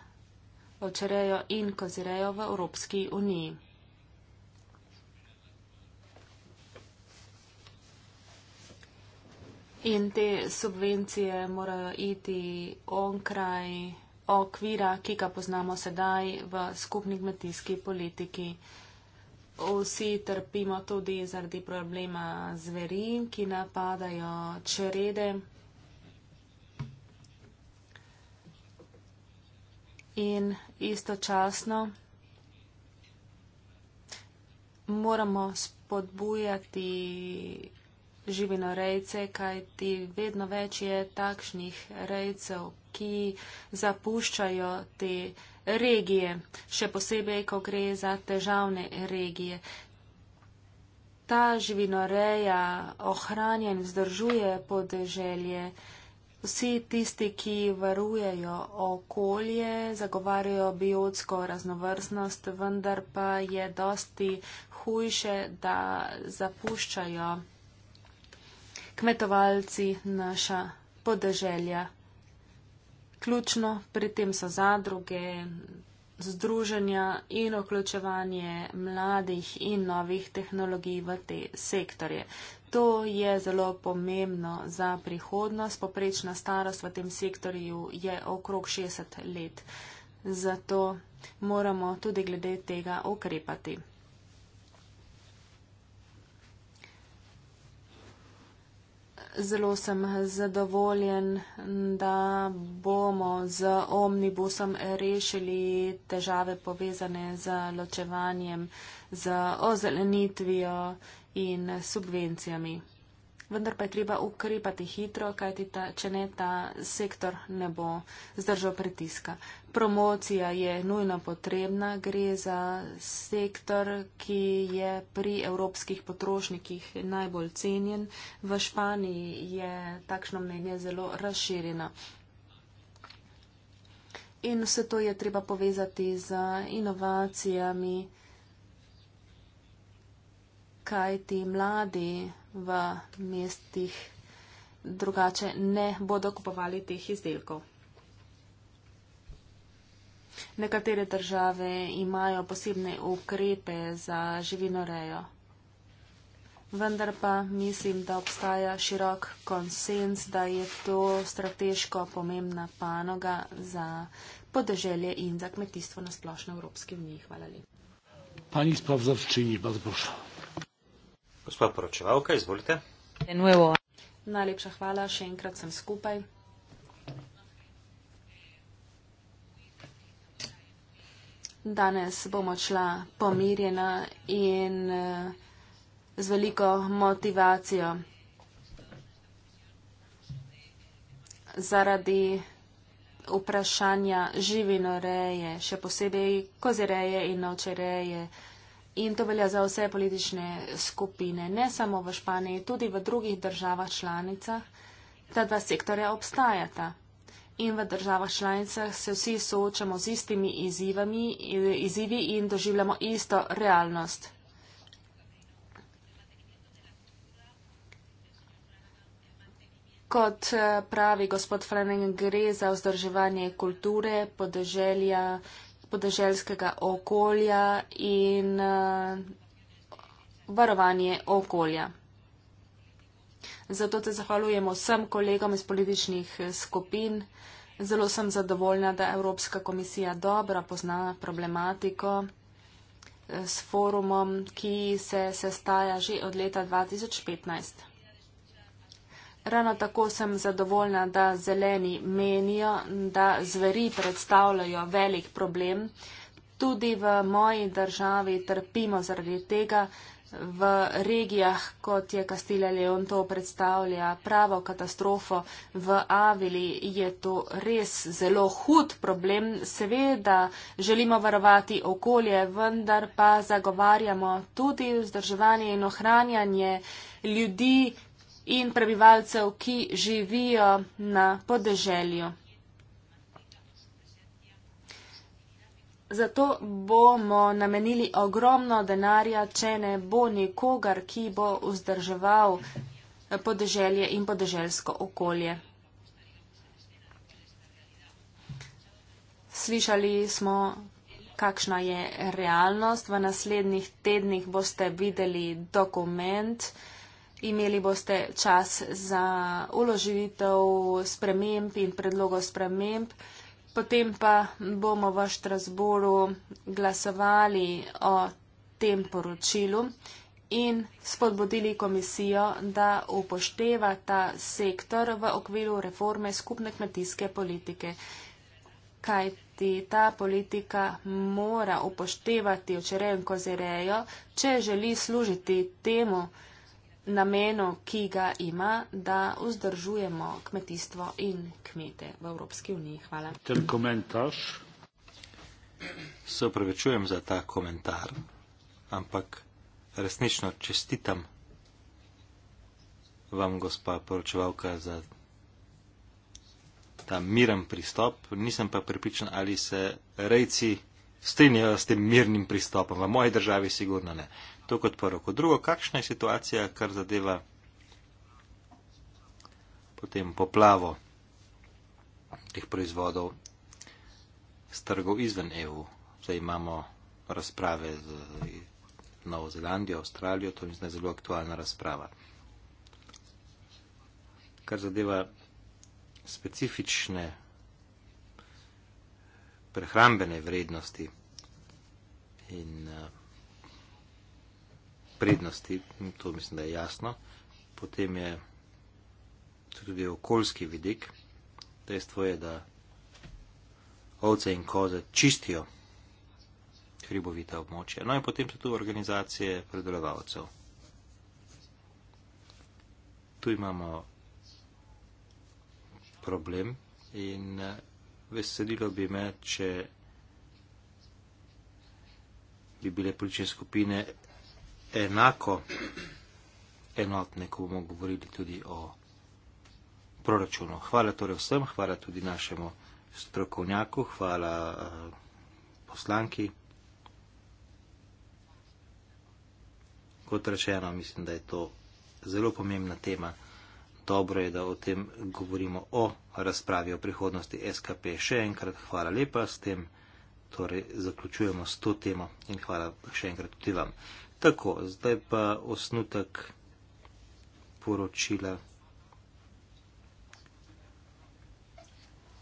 B: očerejo in kozirejo v Evropski uniji. In te subvencije morajo iti onkraj okvira, ki ga poznamo sedaj v skupni kmetijski politiki. Vsi trpimo tudi zaradi problema zveri, ki napadajo črede. In istočasno moramo spodbujati živino rejce, kajti vedno več je takšnih rejcev, ki zapuščajo te regije, še posebej, ko gre za težavne regije. Ta živinoreja ohranja in vzdržuje podeželje. Vsi tisti, ki varujejo okolje, zagovarjajo biotsko raznovrstnost, vendar pa je dosti hujše, da zapuščajo kmetovalci, naša podeželja. Ključno pri tem so zadruge, združenja in vključevanje mladih in novih tehnologij v te sektorje. To je zelo pomembno za prihodnost. Poprečna starost v tem sektorju je okrog 60 let. Zato moramo tudi glede tega ukrepati. zelo sem zadovoljen, da bomo z omnibusom rešili težave povezane z ločevanjem, z ozelenitvijo in subvencijami. Vendar pa je treba ukrepati hitro, kajti ta, če ne, ta sektor ne bo zdržal pritiska. Promocija je nujno potrebna, gre za sektor, ki je pri evropskih potrošnikih najbolj cenjen. V Španiji je takšno mnenje zelo razširjeno. In vse to je treba povezati z inovacijami, kaj ti mladi v mestih drugače ne bodo kupovali teh izdelkov. Nekatere države imajo posebne ukrepe za živinorejo. Vendar pa mislim, da obstaja širok konsens, da je to strateško pomembna panoga za podeželje in za kmetijstvo na splošno Evropski uniji. Hvala lepa.
A: Pani spravzavčini, vas boša. Gospod poročevalka, izvolite.
B: Najlepša hvala, še enkrat sem skupaj. Danes bomo šla pomirjena in eh, z veliko motivacijo. Zaradi vprašanja živinoreje, še posebej kozireje in nočereje. In to velja za vse politične skupine, ne samo v Španiji, tudi v drugih državah članicah. Ta dva sektorja obstajata in v državah članicah se vsi soočamo z istimi izzivami, izzivi in doživljamo isto realnost. Kot eh, pravi gospod Frenning, gre za vzdrževanje kulture, podeželja, podeželskega okolja in uh, varovanje okolja. Zato te zahvaljujem vsem kolegom iz političnih eh, skupin. Zelo sem zadovoljna, da Evropska komisija dobro pozna problematiko eh, s forumom, ki se sestaja že od leta 2015. Rano tako sem zadovoljna, da zeleni menijo, da zveri predstavljajo velik problem. Tudi v moji državi trpimo zaradi tega, v regijah, kot je Kastilja Leon to predstavlja, pravo katastrofo v Avili, je to res zelo hud problem. Seveda želimo varovati okolje, vendar pa zagovarjamo tudi vzdrževanje in ohranjanje ljudi in prebivalcev, ki živijo na podeželju. Zato bomo namenili ogromno denarja, če ne bo nikogar, ki bo vzdrževal podeželje in podeželsko okolje. Slišali smo, kakšna je realnost. V naslednjih tednih boste videli dokument, imeli boste čas za uloživitev sprememb in predlogov sprememb. Potem pa bomo v Štrasboru glasovali o tem poročilu in spodbudili komisijo, da upošteva ta sektor v okviru reforme skupne kmetijske politike. Kaj ti ta politika mora upoštevati očeren kozerejo, če želi služiti temu, namenu, ki ga ima, da vzdržujemo kmetijstvo in kmete v Evropski uniji. Hvala.
A: Ten komentar. Se upravičujem za ta komentar, ampak resnično čestitam vam, gospa poročevalka, za ta miren pristop. Nisem pa pripričan, ali se rejci strinjajo s tem mirnim pristopom. V moji državi sigurno ne. To kot prvo. Kot drugo, kakšna je situacija, kar zadeva potem poplavo teh proizvodov s trgov izven EU. Zdaj imamo razprave z Novo Zelandijo, Avstralijo, to je zdaj zelo aktualna razprava. Kar zadeva specifične prehrambene vrednosti in uh, prednosti, to mislim, da je jasno. Potem je tudi okoljski vidik. Dejstvo je, da ovce in koze čistijo hribovita območja. No in potem so tu organizacije predelovalcev. Tu imamo problem in eh, veselilo bi me, če bi bile politične skupine enako enotne, ko bomo govorili tudi o proračunu. Hvala torej vsem, hvala tudi našemu strokovnjaku, hvala eh, poslanki. Kot rečeno, mislim, da je to zelo pomembna tema. Dobro je, da o tem govorimo o razpravi o prihodnosti SKP. Še enkrat hvala lepa s tem. Torej, zaključujemo s to temo in hvala še enkrat tudi vam. Tako, zdaj pa osnutek poročila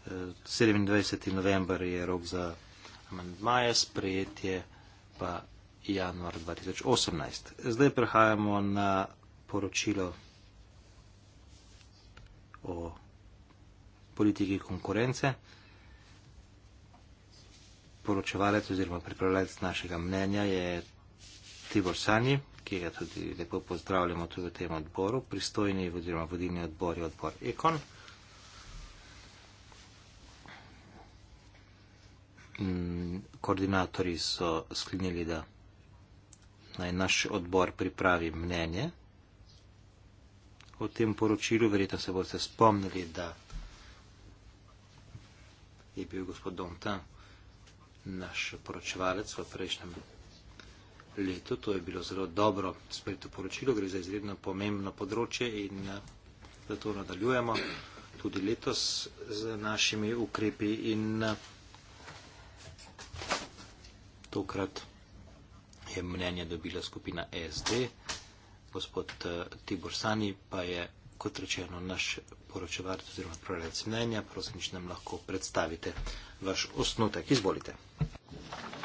A: 27. november je rok za amandmaje, sprejetje pa januar 2018. Zdaj prehajamo na poročilo o politiki konkurence. Poročevalec oziroma pripravljalec našega mnenja je Tibor Sanji, ki ga tudi lepo pozdravljamo tudi v tem odboru, pristojni oziroma vodilni odbor je odbor Ekon. Koordinatori so sklenili, da naj naš odbor pripravi mnenje o tem poročilu. Verjetno se boste spomnili, da je bil gospod Domta naš poročevalec v prejšnjem letu. To je bilo zelo dobro spletno poročilo, gre za izredno pomembno področje in zato eh, nadaljujemo tudi letos z našimi ukrepi in eh, tokrat je mnenje dobila skupina SD. Gospod eh, Tibor Sani pa je, kot rečeno, naš poročevalec oziroma prorec mnenja. Prosim, če nam lahko predstavite vaš osnutek. Izvolite. Thank you.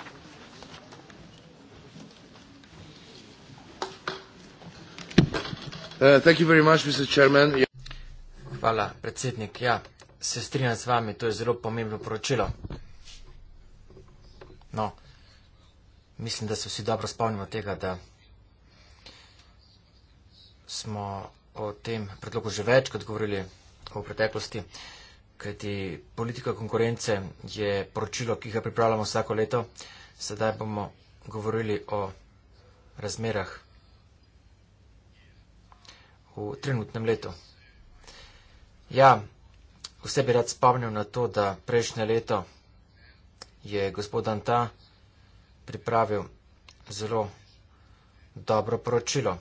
C: Uh, Hvala, predsednik. Ja, se strinjam z vami, to je zelo pomembno poročilo. No, mislim, da se vsi dobro spomnimo tega, da smo o tem predlogu že več, kot govorili v preteklosti, kajti politika konkurence je poročilo, ki ga pripravljamo vsako leto. Sedaj bomo govorili o razmerah v trenutnem letu. Ja, vse bi rad spomnil na to, da prejšnje leto je gospod Anta pripravil zelo dobro poročilo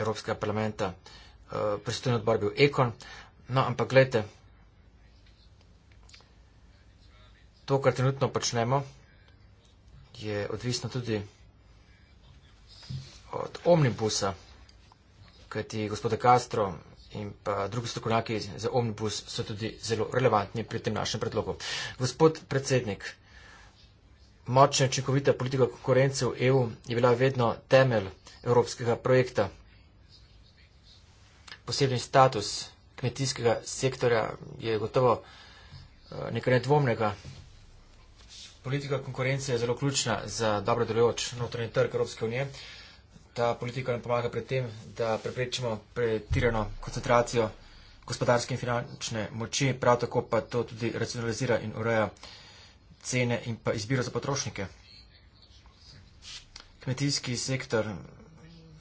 C: Evropskega parlamenta. Eh, pristojni odbor bil Ekon. No, ampak gledajte, to, kar trenutno počnemo, je odvisno tudi od tega, od Omnibusa, kajti gospod Castro in pa drugi strokovnjaki za Omnibus so tudi zelo relevantni pri tem našem predlogu. Gospod predsednik, močna očinkovita politika konkurence v EU je bila vedno temelj evropskega projekta. Posebni status kmetijskega sektorja je gotovo eh, nekaj nedvomnega. Politika konkurence je zelo ključna za dobro delujoč notranji trg Evropske unije ta politika nam pomaga pri tem, da preprečimo pretirano koncentracijo gospodarske in finančne moči, prav tako pa to tudi racionalizira in ureja cene in pa izbiro za potrošnike. Kmetijski sektor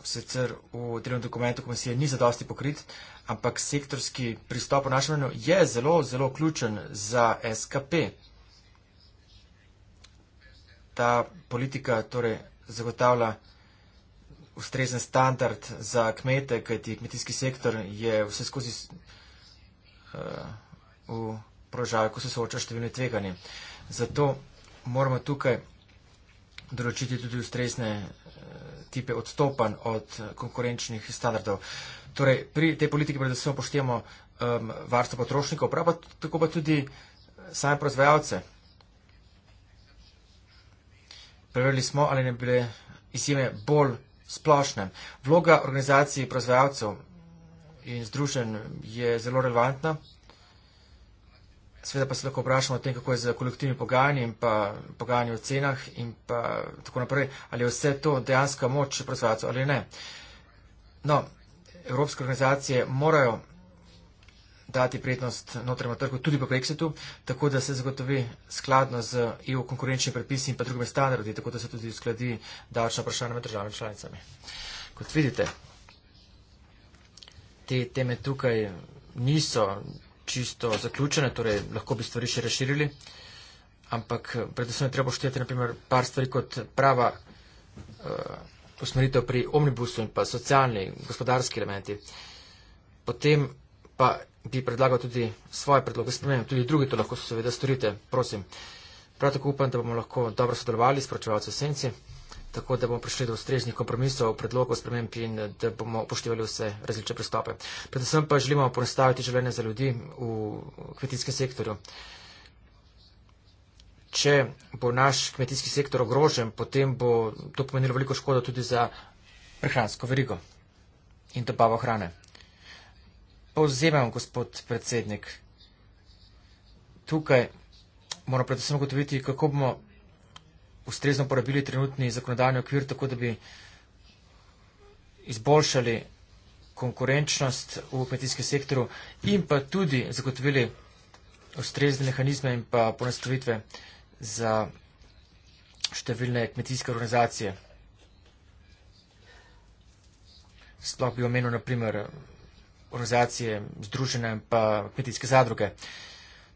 C: sicer v delovnem dokumentu komisije ni zadosti pokrit, ampak sektorski pristop v našem mnenju je zelo, zelo ključen za SKP. Ta politika torej zagotavlja ustrezen standard za kmete, kajti kmetijski sektor je vse skozi uh, eh, v prožaju, ko se sooča številne tveganje. Zato moramo tukaj določiti tudi ustrezne uh, tipe odstopanj od eh, konkurenčnih standardov. Torej, pri tej politiki predvsem poštijemo um, varstvo potrošnikov, prav pa tako pa tudi same proizvajalce. Preverili smo, ali ne bile izjeme bolj splošnem. Vloga organizacij proizvajalcev in združen je zelo relevantna. Sveda pa se lahko vprašamo o tem, kako je z kolektivnimi pogajanji in pa pogajanji o cenah in pa tako naprej, ali je vse to dejanska moč proizvajalcev ali ne. No, evropske organizacije morajo dati prednost notranjemu trgu tudi po Brexitu, tako da se zagotovi skladno z EU konkurenčnimi predpisi in pa drugimi standardi, tako da se tudi uskladi davčna vprašanja med državami članicami. Kot vidite, te teme tukaj niso čisto zaključene, torej lahko bi stvari še razširili, ampak predvsem je treba poštevati naprimer par stvari kot prava uh, usmeritev pri omnibusu in pa socialni, gospodarski elementi. Potem pa bi predlagal tudi svoje predloge spremenjen. Tudi drugi to lahko seveda storite, prosim. Prav tako upam, da bomo lahko dobro sodelovali s pročevalcem Senci, tako da bomo prišli do ustreznih kompromisov, predlogov sprememb in da bomo upoštevali vse različne pristope. Predvsem pa želimo ponestaviti želene za ljudi v kmetijskem sektorju. Če bo naš kmetijski sektor ogrožen, potem bo to pomenilo veliko škodo tudi za prehransko verigo in dobavo hrane povzemam, gospod predsednik. Tukaj moramo predvsem ugotoviti, kako bomo ustrezno porabili trenutni zakonodajni okvir, tako da bi izboljšali konkurenčnost v kmetijskem sektorju in pa tudi zagotovili ustrezne mehanizme in pa ponastavitve za številne kmetijske organizacije. Sploh bi omenil, na primer, organizacije, združene pa kmetijske zadruge.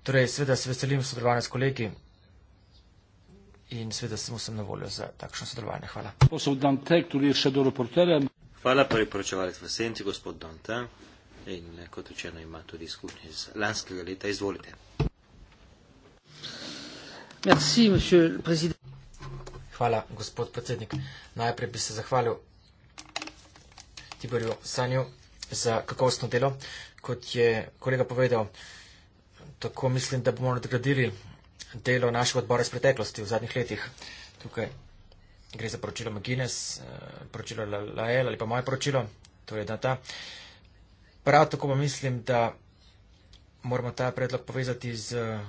C: Torej, sveda se veselim sodelovanja s kolegi in sveda sem vsem na voljo za takšno sodelovanje. Hvala.
A: Hvala pa priporočevalec v senci, gospod Donta. In eh, kot rečeno ima tudi izkušnje iz lanskega leta. Izvolite.
C: Merci, Hvala, gospod predsednik. Najprej bi se zahvalil Tiborju Sanju za kakovostno delo. Kot je kolega povedal, tako mislim, da bomo nadgradili delo našega odbora iz preteklosti v zadnjih letih. Tukaj gre za poročilo Magines, eh, poročilo Lael ali pa moje poročilo, to je data. Prav tako pa mislim, da moramo ta predlog povezati z eh,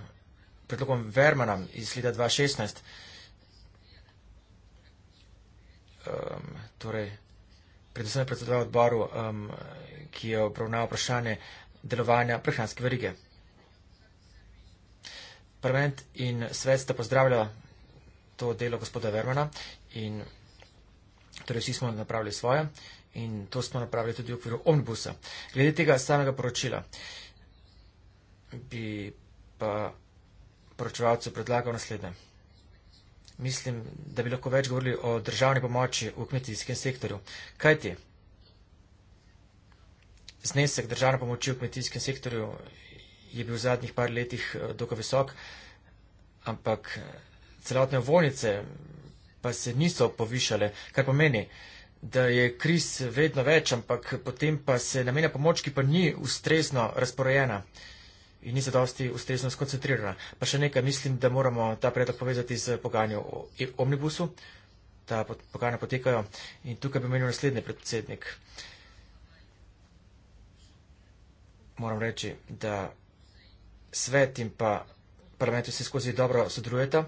C: predlogom Vermana iz leta 2016. Um, ehm, torej, predvsem predsedoval odboru, um, ki je obravnaval vprašanje delovanja prehranske verige. Parlament in svet sta pozdravljala to delo gospoda Vermana in torej vsi smo napravili svoje in to smo napravili tudi v okviru omnibusa. Glede tega samega poročila bi pa poročevalcu predlagal naslednje mislim, da bi lahko več govorili o državni pomoči v kmetijskem sektorju. Kaj ti? Znesek državne pomoči v kmetijskem sektorju je bil v zadnjih par letih eh, dokaj visok, ampak eh, celotne volnice pa se niso povišale, kar pomeni, da je kriz vedno več, ampak potem pa se namenja pomoč, ki pa ni ustrezno razporejena in ni zadosti ustrezno skoncentrirana. Pa še nekaj, mislim, da moramo ta predlog povezati z pogajanjem o e-, omnibusu, ta pogajanja potekajo in tukaj bi menil naslednji predsednik. Moram reči, da svet in pa parlament vse skozi dobro sodelujeta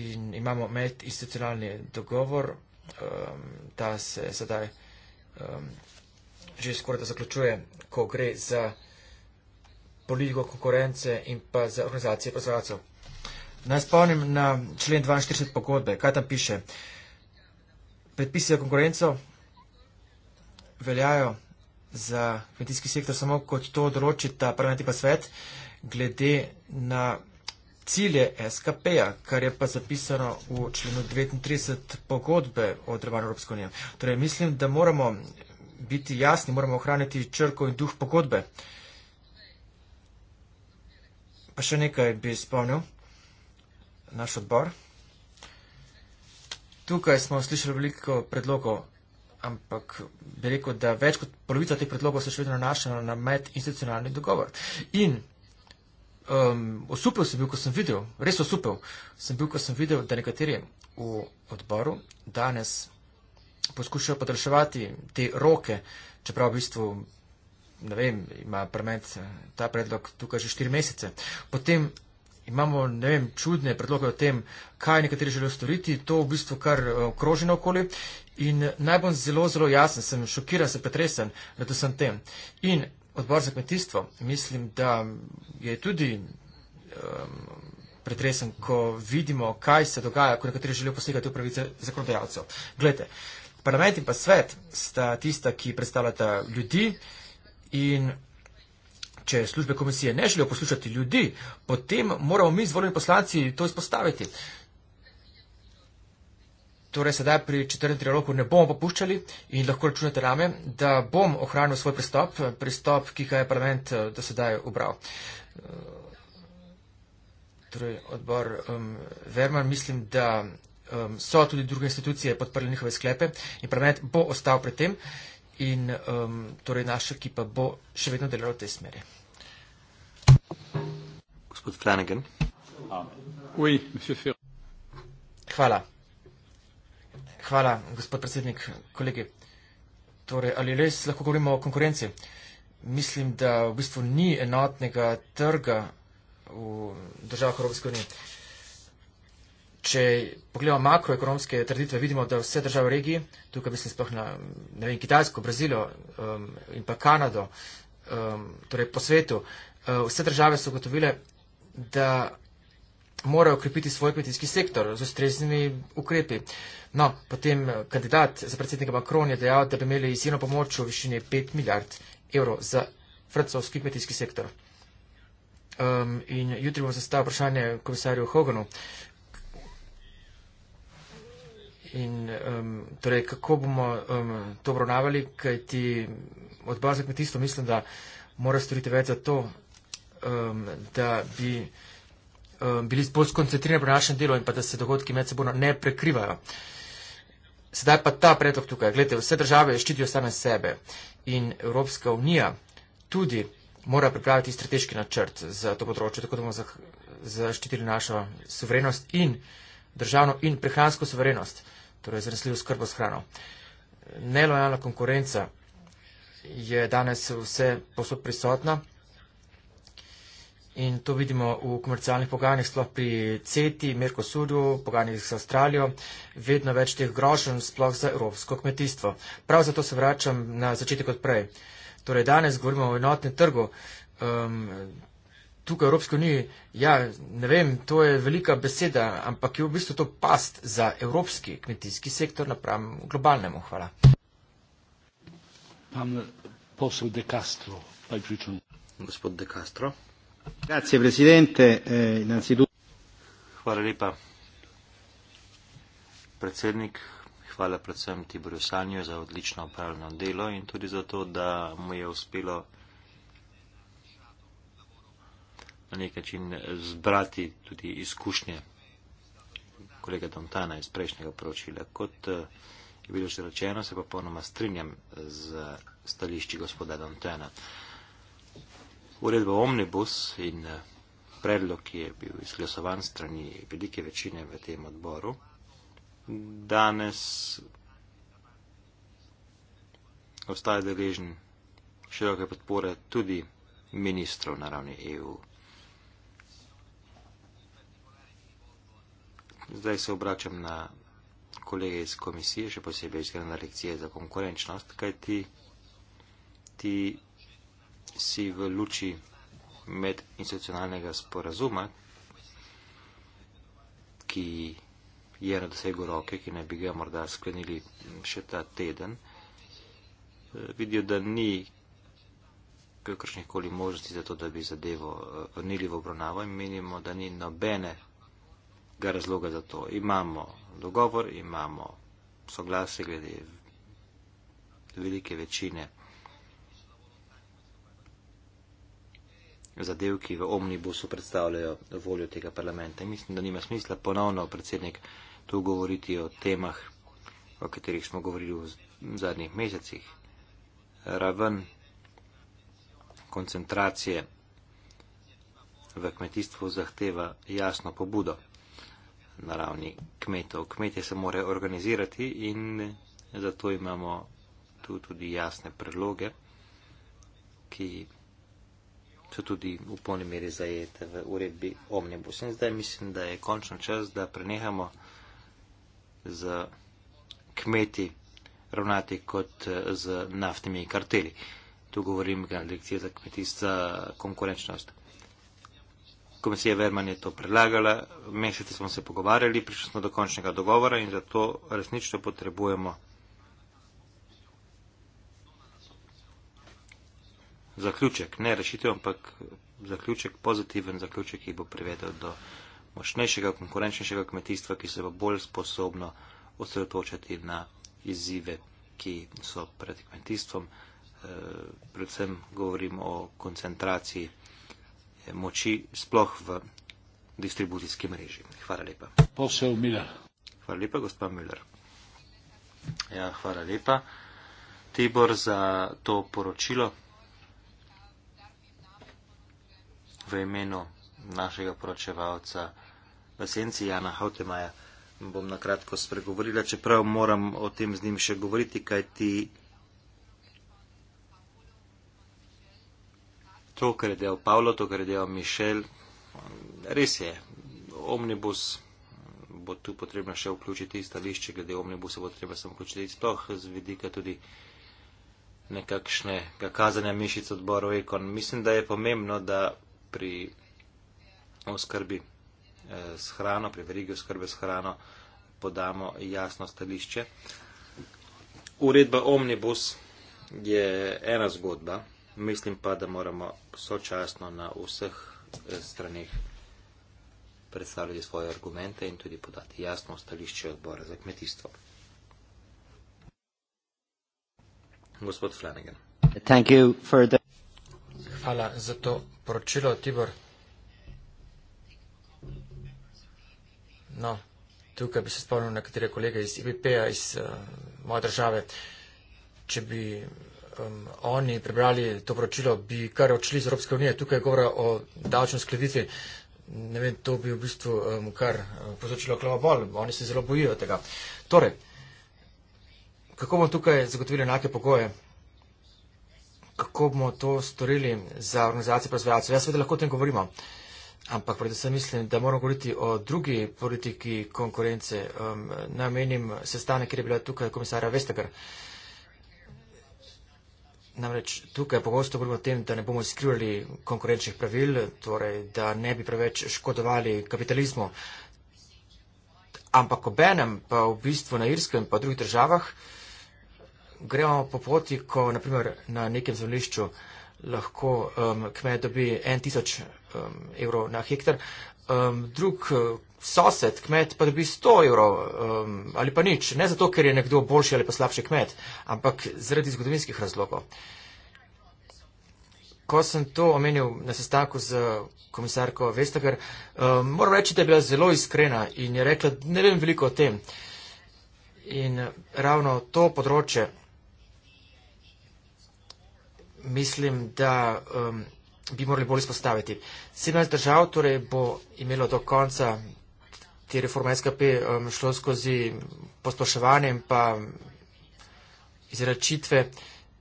C: in imamo medinstitucionalni dogovor, um, ta se sedaj um, že skoraj da zaključuje, ko gre za politiko konkurence in pa za organizacije proizvajalcev. Naj spomnim na člen 42 pogodbe, kaj tam piše. Predpisi za konkurenco veljajo za kmetijski sektor samo kot to določita parlament in pa svet, glede na cilje SKP-ja, kar je pa zapisano v členu 39 pogodbe o drevanju Evropske unije. Torej, mislim, da moramo biti jasni, moramo ohraniti črko in duh pogodbe. Uh, Pa še nekaj bi spomnil naš odbor. Tukaj smo slišali veliko predlogov, ampak bi rekel, da več kot polovica teh predlogov se še vedno nanaša na medinstitucionalni dogovor. In um, osupel sem bil, ko sem videl, res osupel sem bil, ko sem videl, da nekateri v odboru danes poskušajo podaljševati te roke, čeprav v bistvu ne vem, ima premed eh, ta predlog tukaj že štiri mesece. Potem imamo, ne vem, čudne predloge o tem, kaj nekateri želijo storiti, to v bistvu kar eh, okroženo okoli. In eh, naj bom zelo, zelo jasen, sem šokiran, sem pretresen, da sem tem. In odbor za kmetijstvo, mislim, da je tudi. Um, pretresen, ko vidimo, kaj se dogaja, ko nekateri želijo posegati v pravice zakonodajalcev. Glede, parlament in pa svet sta tista, ki predstavljata ljudi, uh, In če službe komisije ne želijo poslušati ljudi, potem moramo mi, zvoljeni poslanci, to izpostaviti. Torej, sedaj pri četrtem trialogu ne bomo popuščali in lahko računate name, da bom ohranil svoj pristop, pristop, ki ga je parlament eh, do sedaj ubral. Eh, torej, odbor um, Verman, mislim, da um, so tudi druge institucije podprli njihove sklepe in parlament bo ostal pri tem. Uh, in um, torej naša ekipa bo še vedno delala v tej smeri. Gospod Flanagan. Hvala. Hvala, gospod predsednik, kolegi. Torej, ali res lahko govorimo o konkurenci? Mislim, da v bistvu ni enotnega trga v državah Evropske unije. Če pogledamo makroekonomske trditve, vidimo, da vse države v regiji, tukaj mislim sploh na ne vem, Kitajsko, Brazilijo um, in pa Kanado, um, torej po svetu, uh, vse države so gotovile, da morajo krepiti svoj kmetijski sektor z ustreznimi ukrepi. No, potem uh, kandidat za predsednika Macron je dejal, da bi imeli izjemno pomoč v višini 5 milijard evrov za francoski kmetijski sektor. Um, in jutri bom zastavil vprašanje komisarju Hoganu in um, torej, kako bomo um, to obravnavali, kaj ti odbor za kmetijstvo mislim, da mora storiti več za to, um, da bi um, bili bolj skoncentrirani pri našem delu in pa da se dogodki med seboj ne prekrivajo. Sedaj pa ta predlog tukaj. Glede, vse države ščitijo same sebe in Evropska unija tudi mora pripraviti strateški načrt za to področje, tako da bomo zaščitili našo suverenost in državno in prehransko suverenost torej zanesljivo skrbo s hrano. Nelojalna konkurenca je danes vse posod prisotna in to vidimo v komercialnih pogajanjih, sploh pri CETI, Mercosuru, pogajanjih z Avstralijo, vedno več teh grožen sploh za evropsko kmetijstvo. Prav zato se vračam na začetek od prej. Torej danes govorimo o enotnem trgu, um, tukaj v Evropski uniji, ja, ne vem, to je velika beseda, ampak je v bistvu to past za evropski kmetijski sektor napram globalnemu. Hvala.
A: Gospod De Castro. Grazie, presidente. Eh, hvala lepa. Predsednik, hvala predvsem Tiborju Sanju za odlično upravljeno delo in tudi za to, da mu je uspelo na nek način zbrati tudi izkušnje kolega Dontana iz prejšnjega poročila. Kot eh, je bilo že rečeno, se pa ponoma strinjam z stališči gospoda Dontana. Uredba Omnibus in eh, predlog, ki je bil izglasovan strani velike večine v tem odboru, danes ostaje deležen široke podpore tudi ministrov na ravni EU. Zdaj se obračam na kolege iz komisije, še posebej iz generalne lekcije za konkurenčnost, kaj ti, ti si v luči med institucionalnega sporazuma, ki je na dosegu roke, ki ne bi ga morda sklenili še ta teden, eh, vidijo, da ni kakršnih koli možnosti za to, da bi zadevo eh, vrnili v obravnavo in menimo, da ni nobene ga razloga za to. Imamo dogovor, imamo soglasje glede velike večine zadev, ki v omnibusu predstavljajo voljo tega parlamenta. Mislim, da nima smisla ponovno, predsednik, tu govoriti o temah, o katerih smo govorili v zadnjih mesecih. Raven koncentracije v kmetijstvu zahteva jasno pobudo na ravni kmetov. Kmetje se morajo organizirati in zato imamo tu tudi jasne predloge, ki so tudi v polni meri zajete v uredbi omnibus. In zdaj mislim, da je končno čas, da prenehamo z kmeti ravnati kot z naftnimi karteli. Tu govorim na lekciji za kmetijstvo konkurenčnost. Komisija Verman je to predlagala, mesece smo se pogovarjali, prišli smo do končnega dogovora in zato resnično potrebujemo zaključek, ne rešitev, ampak zaključek, pozitiven zaključek, ki bo privedel do močnejšega, konkurenčnejšega kmetijstva, ki se bo bolj sposobno osredotočati na izzive, ki so pred kmetijstvom. Eh, predvsem govorim o koncentraciji moči sploh v distribucijski mreži. Hvala lepa. Posel Miller. Hvala lepa, gospod Miller. Ja, hvala lepa, Tibor, za to poročilo. V imenu našega poročevalca v senci Jana Hautemaja bom nakratko spregovorila, čeprav moram o tem z njim še govoriti, kaj ti to, kar je del Pavlo, to, kar je del Mišel, res je, omnibus bo tu potrebno še vključiti stališče, glede omnibusa bo treba samo vključiti sploh z vidika tudi nekakšne kazanja mišic odborov ekon. Mislim, da je pomembno, da pri oskrbi eh, s hrano, pri verigi oskrbe s hrano podamo jasno stališče. Uredba omnibus je ena zgodba mislim pa, da moramo sočasno na vseh eh, straneh predstavljati svoje argumente in tudi podati jasno stališče odbora za kmetijstvo. Gospod Flanagan. Thank you for the... Hvala za to
C: poročilo, Tibor. No, tukaj bi se spomnil nekatere kolege iz IBP-a, e iz uh, moje države. Če bi um, oni prebrali to poročilo, bi kar odšli iz Evropske unije. Tukaj je govora o davčni skladitvi. Ne vem, to bi v bistvu um, kar um, povzročilo klava bolj. Oni se zelo bojijo tega. Torej, kako bomo tukaj zagotovili enake pogoje? Kako bomo to storili za organizacije proizvajalcev? Jaz seveda lahko o tem govorimo. Ampak predvsem mislim, da moramo govoriti o drugi politiki konkurence. Um, Namenim sestanek, kjer je bila tukaj komisarja Vestager. Namreč tukaj pogosto govorimo o tem, da ne bomo skrivali konkurenčnih pravil, torej da ne bi preveč škodovali kapitalizmu. Ampak ob enem, pa v bistvu na Irskem in pa drugih državah, gremo po poti, ko naprimer na nekem zemljišču lahko um, kmet dobi 1000 um, evrov na hektar, um, drug eh, sosed, kmet, pa dobi 100 evrov um, ali pa nič. Ne zato, ker je nekdo boljši ali pa slabši kmet, ampak zaradi zgodovinskih razlogov. Ko sem to omenil na sestanku z komisarko Vestager, um, moram reči, da je bila zelo iskrena in je rekla, ne vem veliko o tem. In ravno to področje mislim, da. Um, bi morali bolj izpostaviti. 17 držav torej bo imelo do konca te reforme SKP um, šlo skozi posploševanje in pa izračitve.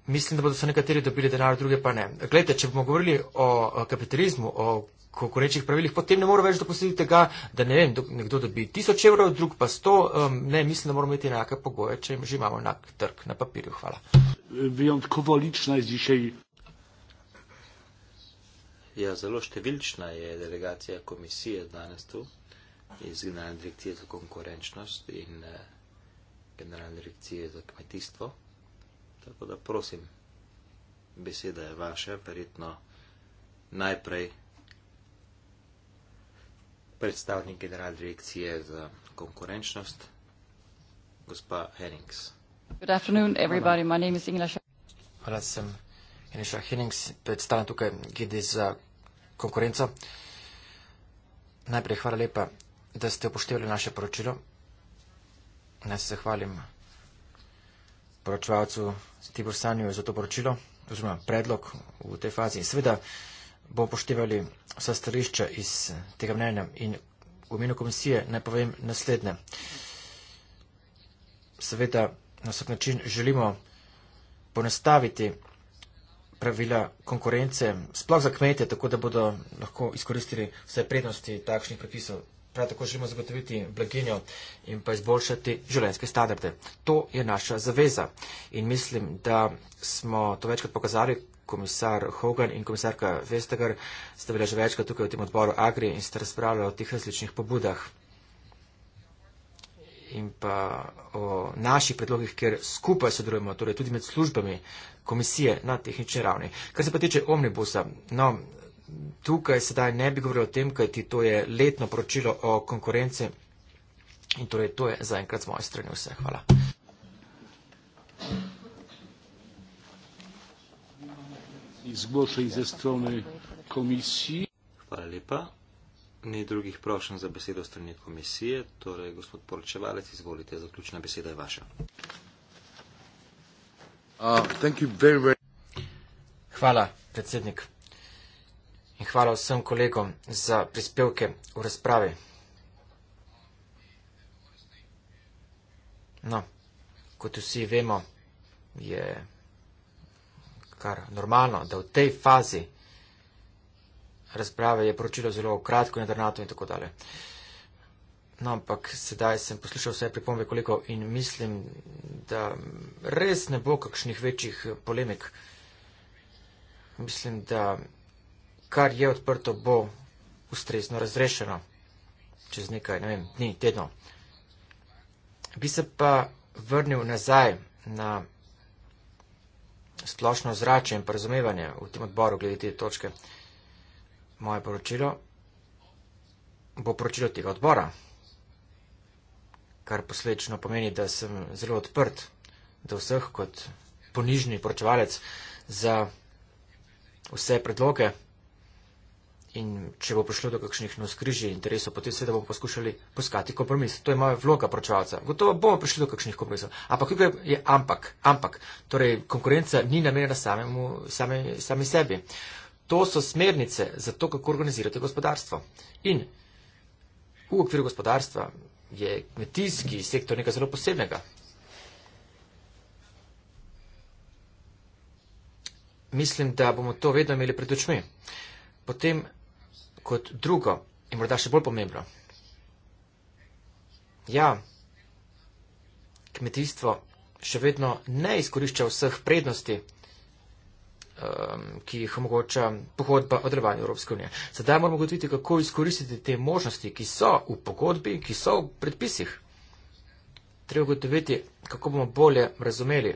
C: Mislim, da bodo so nekateri dobili denar, druge pa ne. Glejte, če bomo govorili o kapitalizmu, o konkurenčnih pravilih, potem ne moramo več dopustiti tega, da ne vem, nekdo dobi 1000 evrov, drug pa 100. Um, ne, mislim, da moramo imeti enake pogoje, če že imamo enak trg na papirju. Hvala.
A: Vi on tako volično izdišej. Ja, zelo številčna je delegacija komisije danes tu iz Generalne direkcije za konkurenčnost in eh, Generalne direkcije za kmetijstvo. Tako da prosim, beseda je vaša, verjetno najprej predstavnik Generalne direkcije za konkurenčnost, gospa Herings.
C: Hvala, sem Inša Hennings predstavljam tukaj glede za konkurenco. Najprej hvala lepa, da ste upoštevali naše poročilo. Naj se hvalim poročevalcu Tibor Sanju za to poročilo, oziroma predlog v tej fazi. Sveda bo upoštevali vsa starišča iz tega mnenja in v imenu komisije naj povem naslednje. Sveda na vsak način želimo ponestaviti pravila konkurence, sploh za kmete, tako da bodo lahko izkoristili vse prednosti takšnih predpisov. Prav tako želimo zagotoviti blaginjo in pa izboljšati življenjske standarde. To je naša zaveza in mislim, da smo to večkrat pokazali, komisar Hogan in komisarka Vestager sta bila že večkrat tukaj v tem odboru Agri in sta razpravljala o tih različnih pobudah in pa o naših predlogih, kjer skupaj sodelujemo, torej tudi med službami, komisije na tehnični ravni. Kar se pa tiče omnibusa, no, tukaj sedaj ne bi govoril o tem, kaj ti to je letno poročilo o konkurenci. In torej to je zaenkrat z moje strani vse. Hvala.
A: Hvala lepa. Ni drugih prošenj za besedo strani komisije. Torej, gospod poročevalec, izvolite, zaključna beseda je vaša.
C: Uh, hvala, predsednik. In hvala vsem kolegom za prispevke v razpravi. No, kot vsi vemo, je kar normalno, da v tej fazi razprave je poročilo zelo kratko in drnato in tako dalje. No, ampak sedaj sem poslušal vse pripombe, koliko in mislim, da res ne bo kakšnih večjih polemik. Mislim, da kar je odprto, bo ustrezno razrešeno čez nekaj, ne vem, dni, tedno. Bi se pa vrnil nazaj na splošno zrače in porazumevanje v tem odboru glede te točke. Moje poročilo bo poročilo tega odbora kar posledično pomeni, da sem zelo odprt do vseh kot ponižni poročevalec za vse predloge. In če bo prišlo do kakšnih navskrižij interesov, potem seveda bomo poskušali poskati kompromis. To je moja vloga poročevalca. Gotovo bomo prišli do kakšnih kompromisov. Ampak tukaj je ampak, ampak. Torej, konkurenca ni namenjena samemu, same, sami sebi. To so smernice za to, kako organizirate gospodarstvo. In v okviru gospodarstva je kmetijski sektor nekaj zelo posebnega. Mislim, da bomo to vedno imeli pred očmi. Potem, kot drugo in morda še bolj pomembno. Ja, kmetijstvo še vedno ne izkorišča vseh prednosti, um, ki jih omogoča pogodba o delovanju Evropske unije. Sedaj moramo gotoviti, kako izkoristiti te možnosti, ki so v pogodbi, ki so v predpisih. Treba gotoviti, kako bomo bolje razumeli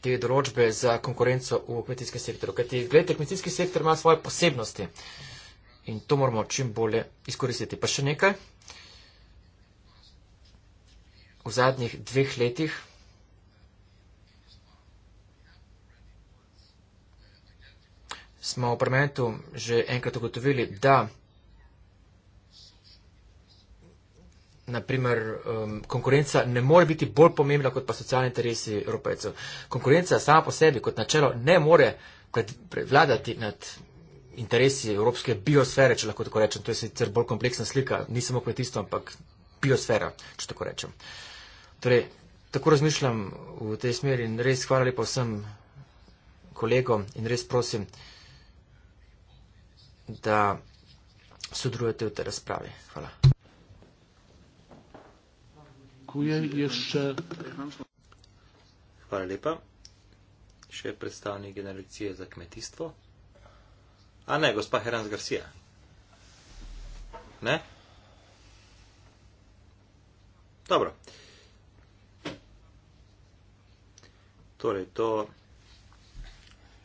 C: te določbe za konkurenco v kmetijskem sektorju. Kajti, gledajte, kmetijski sektor ima svoje posebnosti in to moramo čim bolje izkoristiti. Pa še nekaj. V zadnjih dveh letih smo v parlamentu že enkrat ugotovili, da naprimer um, konkurenca ne more biti bolj pomembna kot pa socialni interesi evropejcev. Konkurenca sama po sebi kot načelo ne more prevladati nad interesi evropske biosfere, če lahko tako rečem. To je sicer bolj kompleksna slika, ni samo kmetijstvo, ampak biosfera, če tako rečem. Torej, tako razmišljam v tej smeri in res hvala lepa vsem kolegom in res prosim, da sodelujete v tej razpravi. Hvala.
A: Hvala lepa. Še predstavnik generacije za kmetijstvo. A ne, gospa Herans Garcia. Ne? Dobro. Torej, to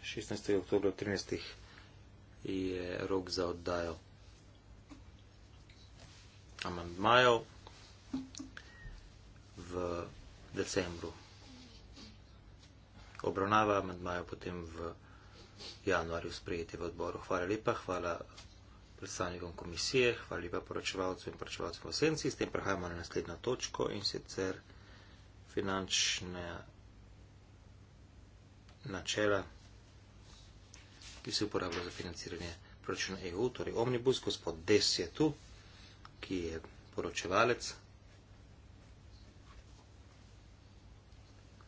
A: 16. oktober 13 je rok za oddajo amandmajev v decembru. Obravnava amandmajev potem v januarju sprejeti v odboru. Hvala lepa, hvala predstavnikom komisije, hvala lepa poročevalcem in poročevalcem v senci. S tem prehajamo na naslednjo točko in sicer finančne načela ki se uporablja za financiranje proračuna EU, torej omnibus, gospod Des je tu, ki je poročevalec.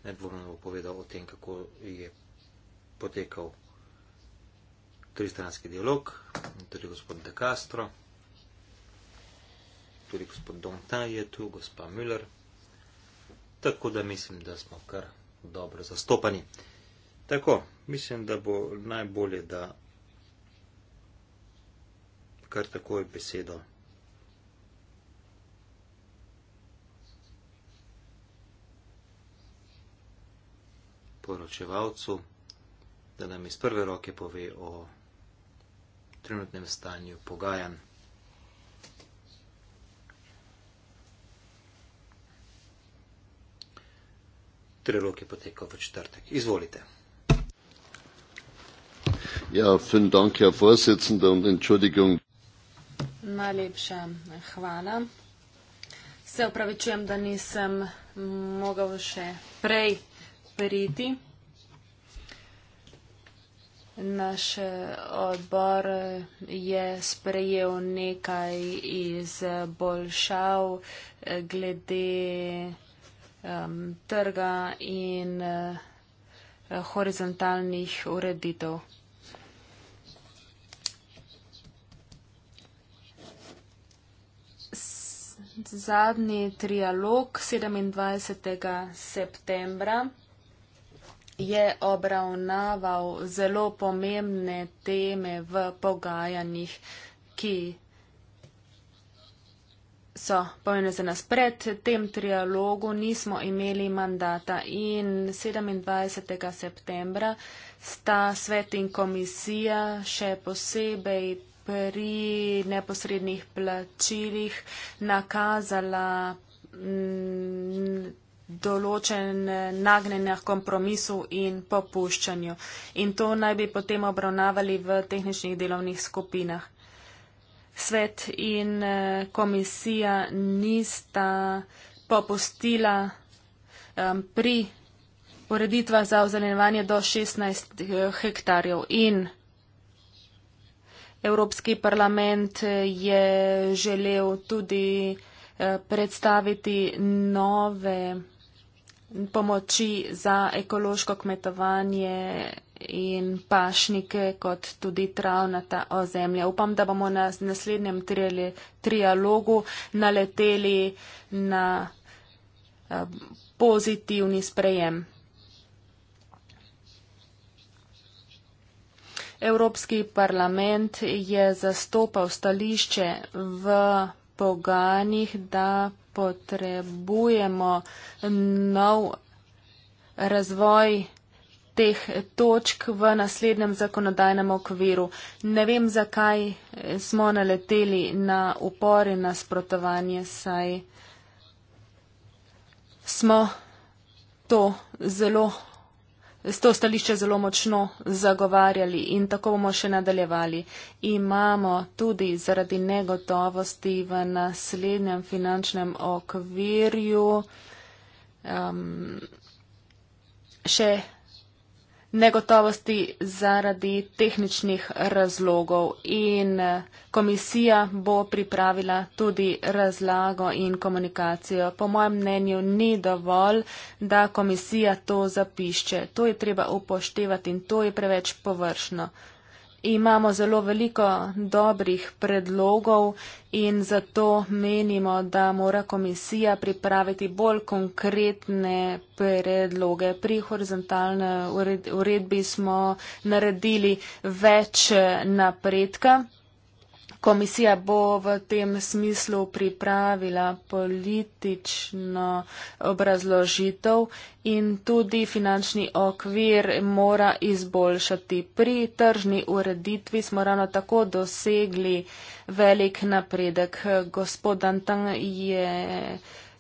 A: Nedvomno bo povedal o tem, kako je potekal tristranski dialog, tudi gospod De Castro, tudi gospod Donta je tu, gospod Müller. Tako da mislim, da smo kar dobro zastopani. Tako, mislim, da bo najbolje, da kar takoj besedo. poročevalcu, da nam iz prve roke pove o trenutnem stanju pogajan. Trilog je potekal v četrtek. Izvolite.
B: Ja, vielen Dank, Herr Vorsitzender, und Entschuldigung. Najlepša hvala. Se upravičujem, da nisem mogel še prej priti. Naš odbor je sprejel nekaj izboljšav glede um, trga in uh, horizontalnih ureditev. zadnji trialog 27. septembra je obravnaval zelo pomembne teme v pogajanjih, ki so pomembne za nas. Pred tem trialogu nismo imeli mandata in 27. septembra sta svet in komisija še posebej pri neposrednih plačilih nakazala mm, določen nagnjenja kompromisu in popuščanju. In to naj bi potem obravnavali v tehničnih delovnih skupinah. Svet in eh, komisija nista popustila um, pri ureditvah za ozelenjevanje do 16 eh, hektarjev in Evropski parlament je želel tudi eh, predstaviti nove pomoči za ekološko kmetovanje in pašnike, kot tudi travnata ozemlja. Upam, da bomo na naslednjem trialogu naleteli na eh, pozitivni sprejem. Evropski parlament je zastopal stališče v poganjih, da potrebujemo nov razvoj teh točk v naslednjem zakonodajnem okviru. Ne vem, zakaj smo naleteli na upor in nasprotovanje, saj smo to zelo s to stališče zelo močno zagovarjali in tako bomo še nadaljevali. Imamo tudi zaradi negotovosti v naslednjem finančnem okvirju um, še negotovosti zaradi tehničnih razlogov in eh, komisija bo pripravila tudi razlago in komunikacijo. Po mojem mnenju ni dovolj, da komisija to zapišče. To je treba upoštevati in to je preveč površno imamo zelo veliko dobrih predlogov in zato menimo, da mora komisija pripraviti bolj konkretne predloge. Pri horizontalne uredbi smo naredili več napredka. Komisija bo v tem smislu pripravila politično obrazložitev in tudi finančni okvir mora izboljšati. Pri tržni ureditvi smo ravno tako dosegli velik napredek. Gospod Dantan je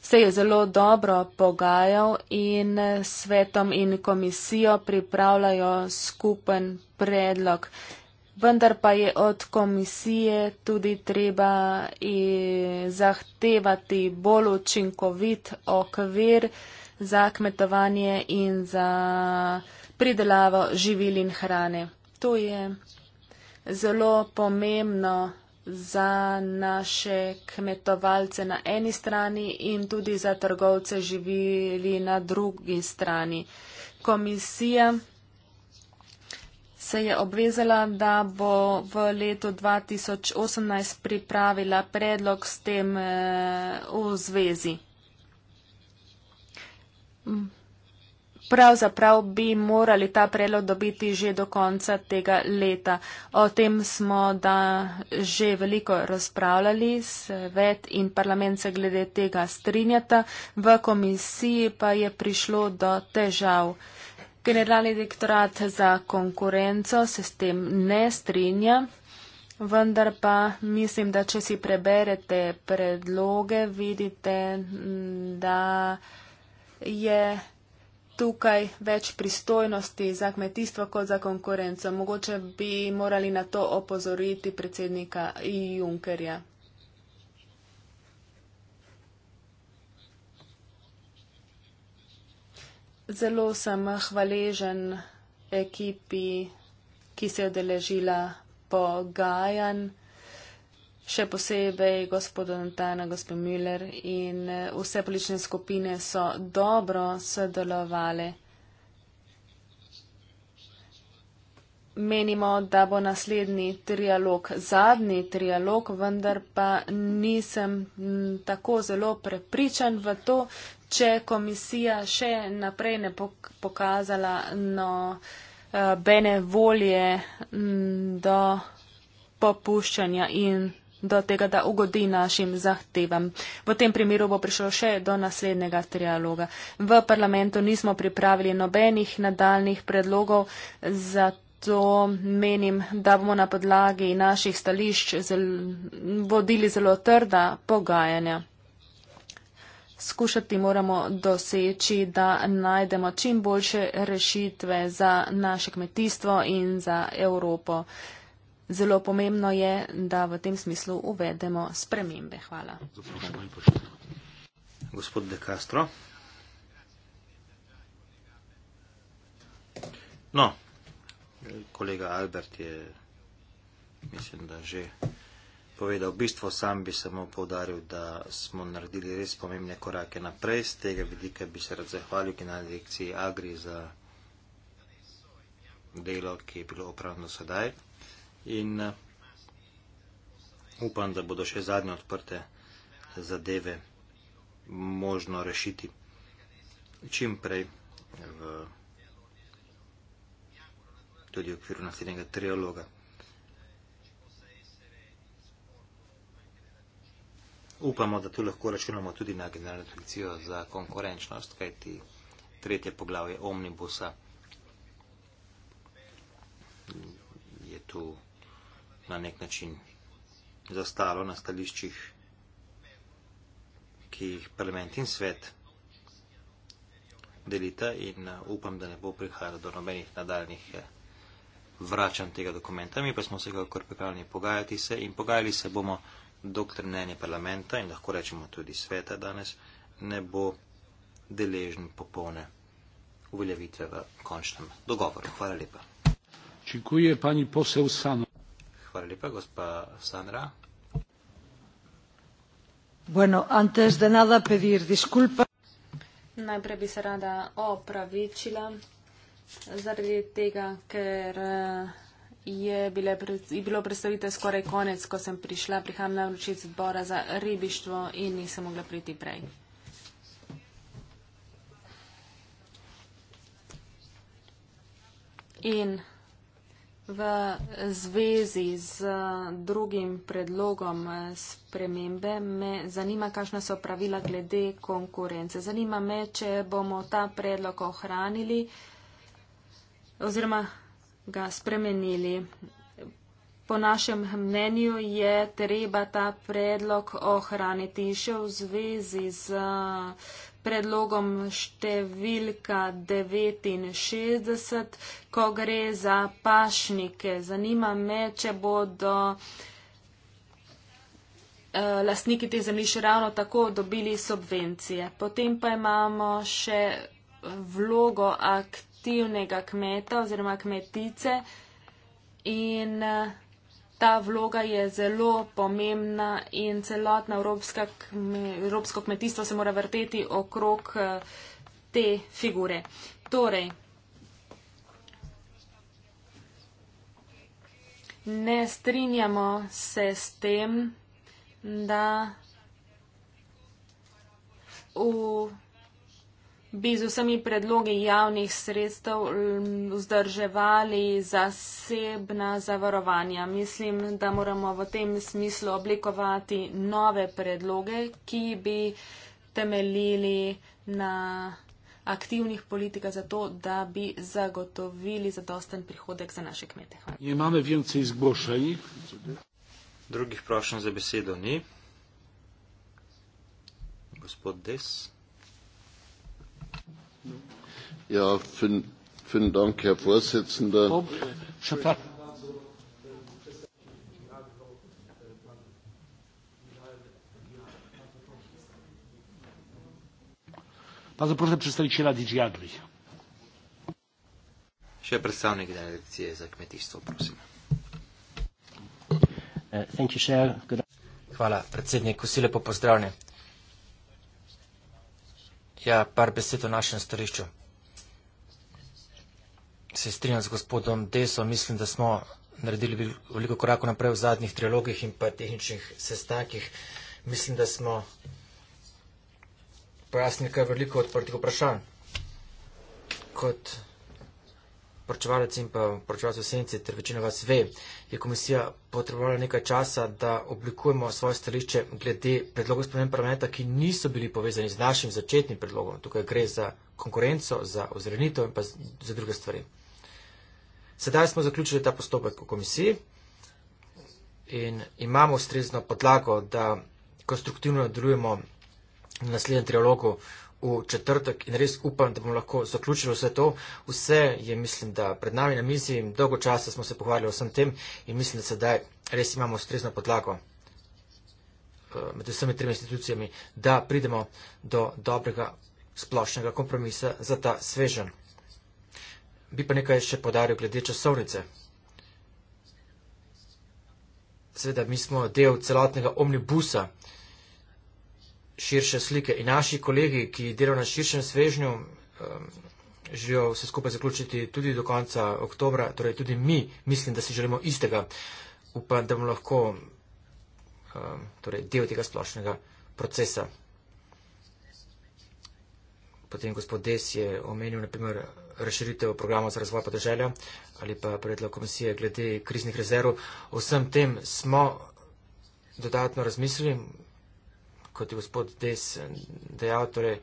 B: se je zelo dobro pogajal in svetom in komisijo pripravljajo skupen predlog vendar pa je od komisije tudi treba eh, zahtevati bolj učinkovit okvir za kmetovanje in za pridelavo živil in hrane. To je zelo pomembno za naše kmetovalce na eni strani in tudi za trgovce živili na drugi strani. Komisija se je obvezala, da bo v letu 2018 pripravila predlog s tem eh, v zvezi. Pravzaprav bi morali ta predlog dobiti že do konca tega leta. O tem smo da že veliko razpravljali, svet in parlament se glede tega strinjata, v komisiji pa je prišlo do težav. Generalni direktorat za konkurenco se s tem ne strinja, vendar pa mislim, da če si preberete predloge, vidite, mm, da je tukaj več pristojnosti za kmetijstvo kot za konkurenco. Mogoče bi morali na to opozoriti predsednika Junkerja. Zelo sem hvaležen ekipi, ki se je odeležila pogajan, še posebej gospodu Antana, gospod Miller in eh, vse politične skupine so dobro sodelovali. Menimo, da bo naslednji trialog zadnji trialog, vendar pa nisem tako zelo prepričan v to, če komisija še naprej ne pokazala nobene eh, volje mm, do popuščanja in do tega, da ugodi našim zahtevam. V tem primeru bo prišlo še do naslednjega trialoga. V parlamentu nismo pripravili nobenih nadaljnih predlogov, zato menim, da bomo na podlagi naših stališč zel, vodili zelo trda pogajanja. Skušati moramo doseči, da najdemo čim boljše rešitve za naše kmetijstvo in za Evropo. Zelo pomembno je, da v tem smislu uvedemo spremembe. Hvala.
A: Gospod De Castro. No, kolega Albert je, mislim, da že povedal. V bistvu sam bi samo povdaril, da smo naredili res pomembne korake naprej. Z tega vidika bi se rad zahvalil generalni direkciji Agri za delo, ki je bilo opravljeno sedaj. In eh, upam, da bodo še zadnje odprte zadeve možno rešiti čim prej v, tudi v okviru naslednjega trialoga. Upamo, da tu lahko računamo tudi na generalno tradicijo za konkurenčnost, kajti tretje poglavje omnibusa je tu na nek način zastalo na stališčih, ki jih parlament in svet delita in uh, upam, da ne bo prihajalo do nobenih nadaljnih eh, vračanj tega dokumenta. Mi pa smo se kakor pripravljeni pogajati se in pogajali se bomo dokler mnenje parlamenta in lahko rečemo tudi sveta danes ne bo deležen popolne uveljavitve v končnem dogovoru. Hvala lepa. Čikuje pani posel Sano. Hvala lepa, gospa Sanra.
B: Bueno, antes de nada pedir disculpa. Najprej bi se rada opravičila zaradi tega, ker uh, je, bile, je bilo predstavitev skoraj konec, ko sem prišla. Priham na vročic zbora za ribištvo in nisem mogla priti prej. In v zvezi z eh, drugim predlogom eh, spremembe me zanima, kakšna so pravila glede konkurence. Zanima me, če bomo ta predlog ohranili oziroma ga spremenili. Po našem mnenju je treba ta predlog ohraniti še v zvezi z uh, predlogom številka 69, ko gre za pašnike. Zanima me, če bodo uh, lastniki teh zemlji še ravno tako dobili subvencije. Potem pa imamo še vlogo aktivnosti aktivnega kmeta oziroma kmetice in eh, ta vloga je zelo pomembna in celotna evropska, evropsko kmetijstvo se mora vrteti okrog eh, te figure. Torej, ne strinjamo se s tem, da v bi z vsemi predlogi javnih sredstev mm, vzdrževali zasebna zavarovanja. Mislim, da moramo v tem smislu oblikovati nove predloge, ki bi temeljili na aktivnih politikah za to, da bi zagotovili zadosten prihodek za naše kmete.
A: Imamo vjence izboljšanji. Drugih prošenj za besedo ni. Gospod Des.
B: Ja, vielen, vielen Dank, Herr Vorsitzender.
A: Bardzo proszę przedstawiciela DG Agri. Chciałbym przedstawić dyrekcję za kmetystwo,
C: proszę. Eh, thank you, Chair. Good Hvala, predsednik. Vsi lepo pozdravljeni. Ja, par besed o našem stališču se strinjam z gospodom Deso, mislim, da smo naredili veliko korakov naprej v zadnjih trilogih in pa tehničnih sestankih. Mislim, da smo pojasnili kar veliko odprtih vprašanj. Kot pročevalec in pa pročevalec v senci, ter večina vas ve, je komisija potrebovala nekaj časa, da oblikujemo svoje stališče glede predlogov spremenj parlamenta, ki niso bili povezani z našim začetnim predlogom. Tukaj gre za konkurenco, za ozrenitev in pa za druge stvari. Sedaj smo zaključili ta postopek v komisiji in imamo ustrezno podlago, da konstruktivno delujemo na naslednjem trialogu v četrtek in res upam, da bomo lahko zaključili vse to. Vse je, mislim, da pred nami na mizi in dolgo časa smo se pohvalili o vsem tem in mislim, da sedaj res imamo ustrezno podlago eh, med vsemi tremi institucijami, da pridemo do dobrega splošnega kompromisa za ta svežen. Bi pa nekaj še podaril glede časovnice. Sveda, mi smo del celotnega omnibusa širše slike in naši kolegi, ki delajo na širšem svežnju, um, želijo vse skupaj zaključiti tudi do konca oktobra, torej tudi mi mislim, da si želimo istega. Upam, da bomo lahko um, torej, del tega splošnega procesa. Potem gospod Des je omenil, na primer, razširitev programa za razvoj podeželja ali pa predlog komisije glede kriznih rezerv. Vsem tem smo dodatno razmislili, kot je gospod Des dejal, torej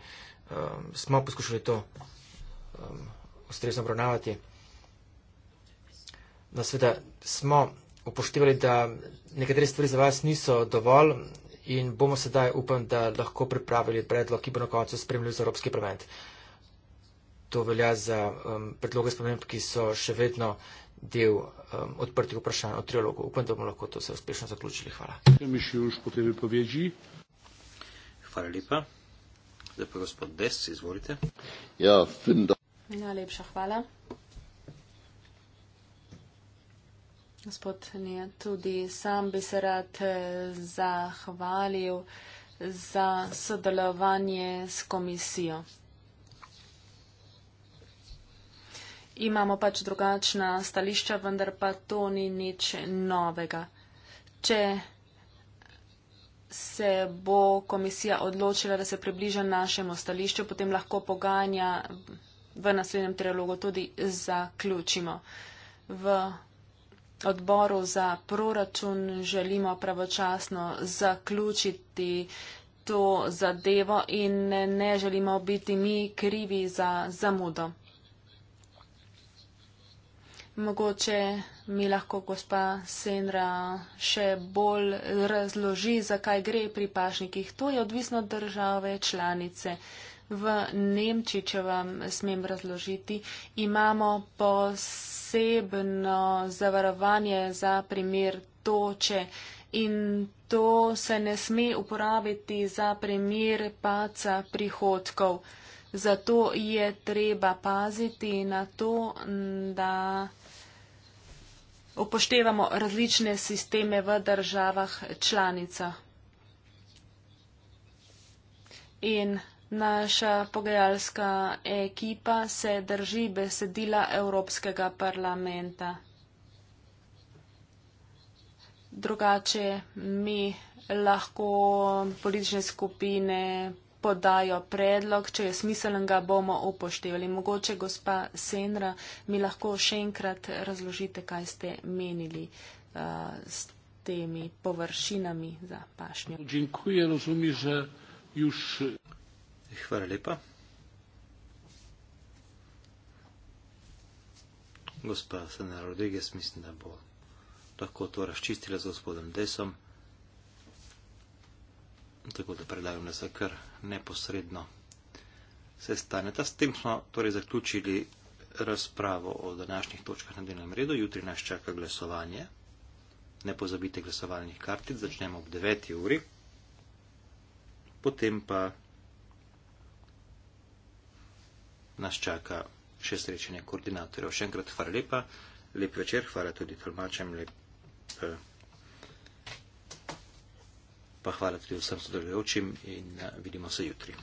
C: um, smo poskušali to um, ustrezno obravnavati. Na no, sveda smo upoštevali, da nekatere stvari za vas niso dovolj in bomo sedaj upam, da lahko pripravili predlog, ki bo na koncu spremljal za Evropski parlament to velja za um, predloge spomenb, ki so še vedno del um, odprtih vprašanj o trilogu. Upam, da bomo lahko to se uspešno zaključili. Hvala.
A: Hvala lepa. Zdaj pa gospod Des, izvolite.
B: Ja, Najlepša hvala. Gospod, ne, tudi sam bi se rad eh, zahvalil za sodelovanje s komisijo. imamo pač drugačna stališča, vendar pa to ni nič novega. Če se bo komisija odločila, da se približa našemu stališču, potem lahko pogajanja v naslednjem trialogu tudi zaključimo. V odboru za proračun želimo pravočasno zaključiti to zadevo in ne želimo biti mi krivi za zamudo mogoče mi lahko gospa Senra še bolj razloži, zakaj gre pri pašnikih. To je odvisno od države članice. V Nemčiji, če vam smem razložiti, imamo posebno zavarovanje za primer toče in to se ne sme uporabiti za primer paca prihodkov. Zato je treba paziti na to, da upoštevamo različne sisteme v državah članicah. In naša pogajalska ekipa se drži besedila Evropskega parlamenta. Drugače mi lahko politične skupine podajo predlog, če je smiseln, ga bomo upoštevali. Mogoče, gospa Senra, mi lahko še enkrat razložite, kaj ste menili uh, s temi površinami za pašnjo.
A: Hvala lepa. Gospa Senra Rodriguez, mislim, da bo lahko to razčistila z gospodom Desom tako da predajam, da se kar neposredno se stane. Ta s tem smo torej zaključili razpravo o današnjih točkah na delnem redu. Jutri nas čaka glasovanje. Ne pozabite glasovalnih kartic, začnemo ob 9. uri. Potem pa nas čaka še srečanje koordinatorjev. Še enkrat hvala lepa, lep večer, hvala tudi tolmačem, lep. Uh, Pa hvala tudi vsem sodelujočim in eh, vidimo se jutri.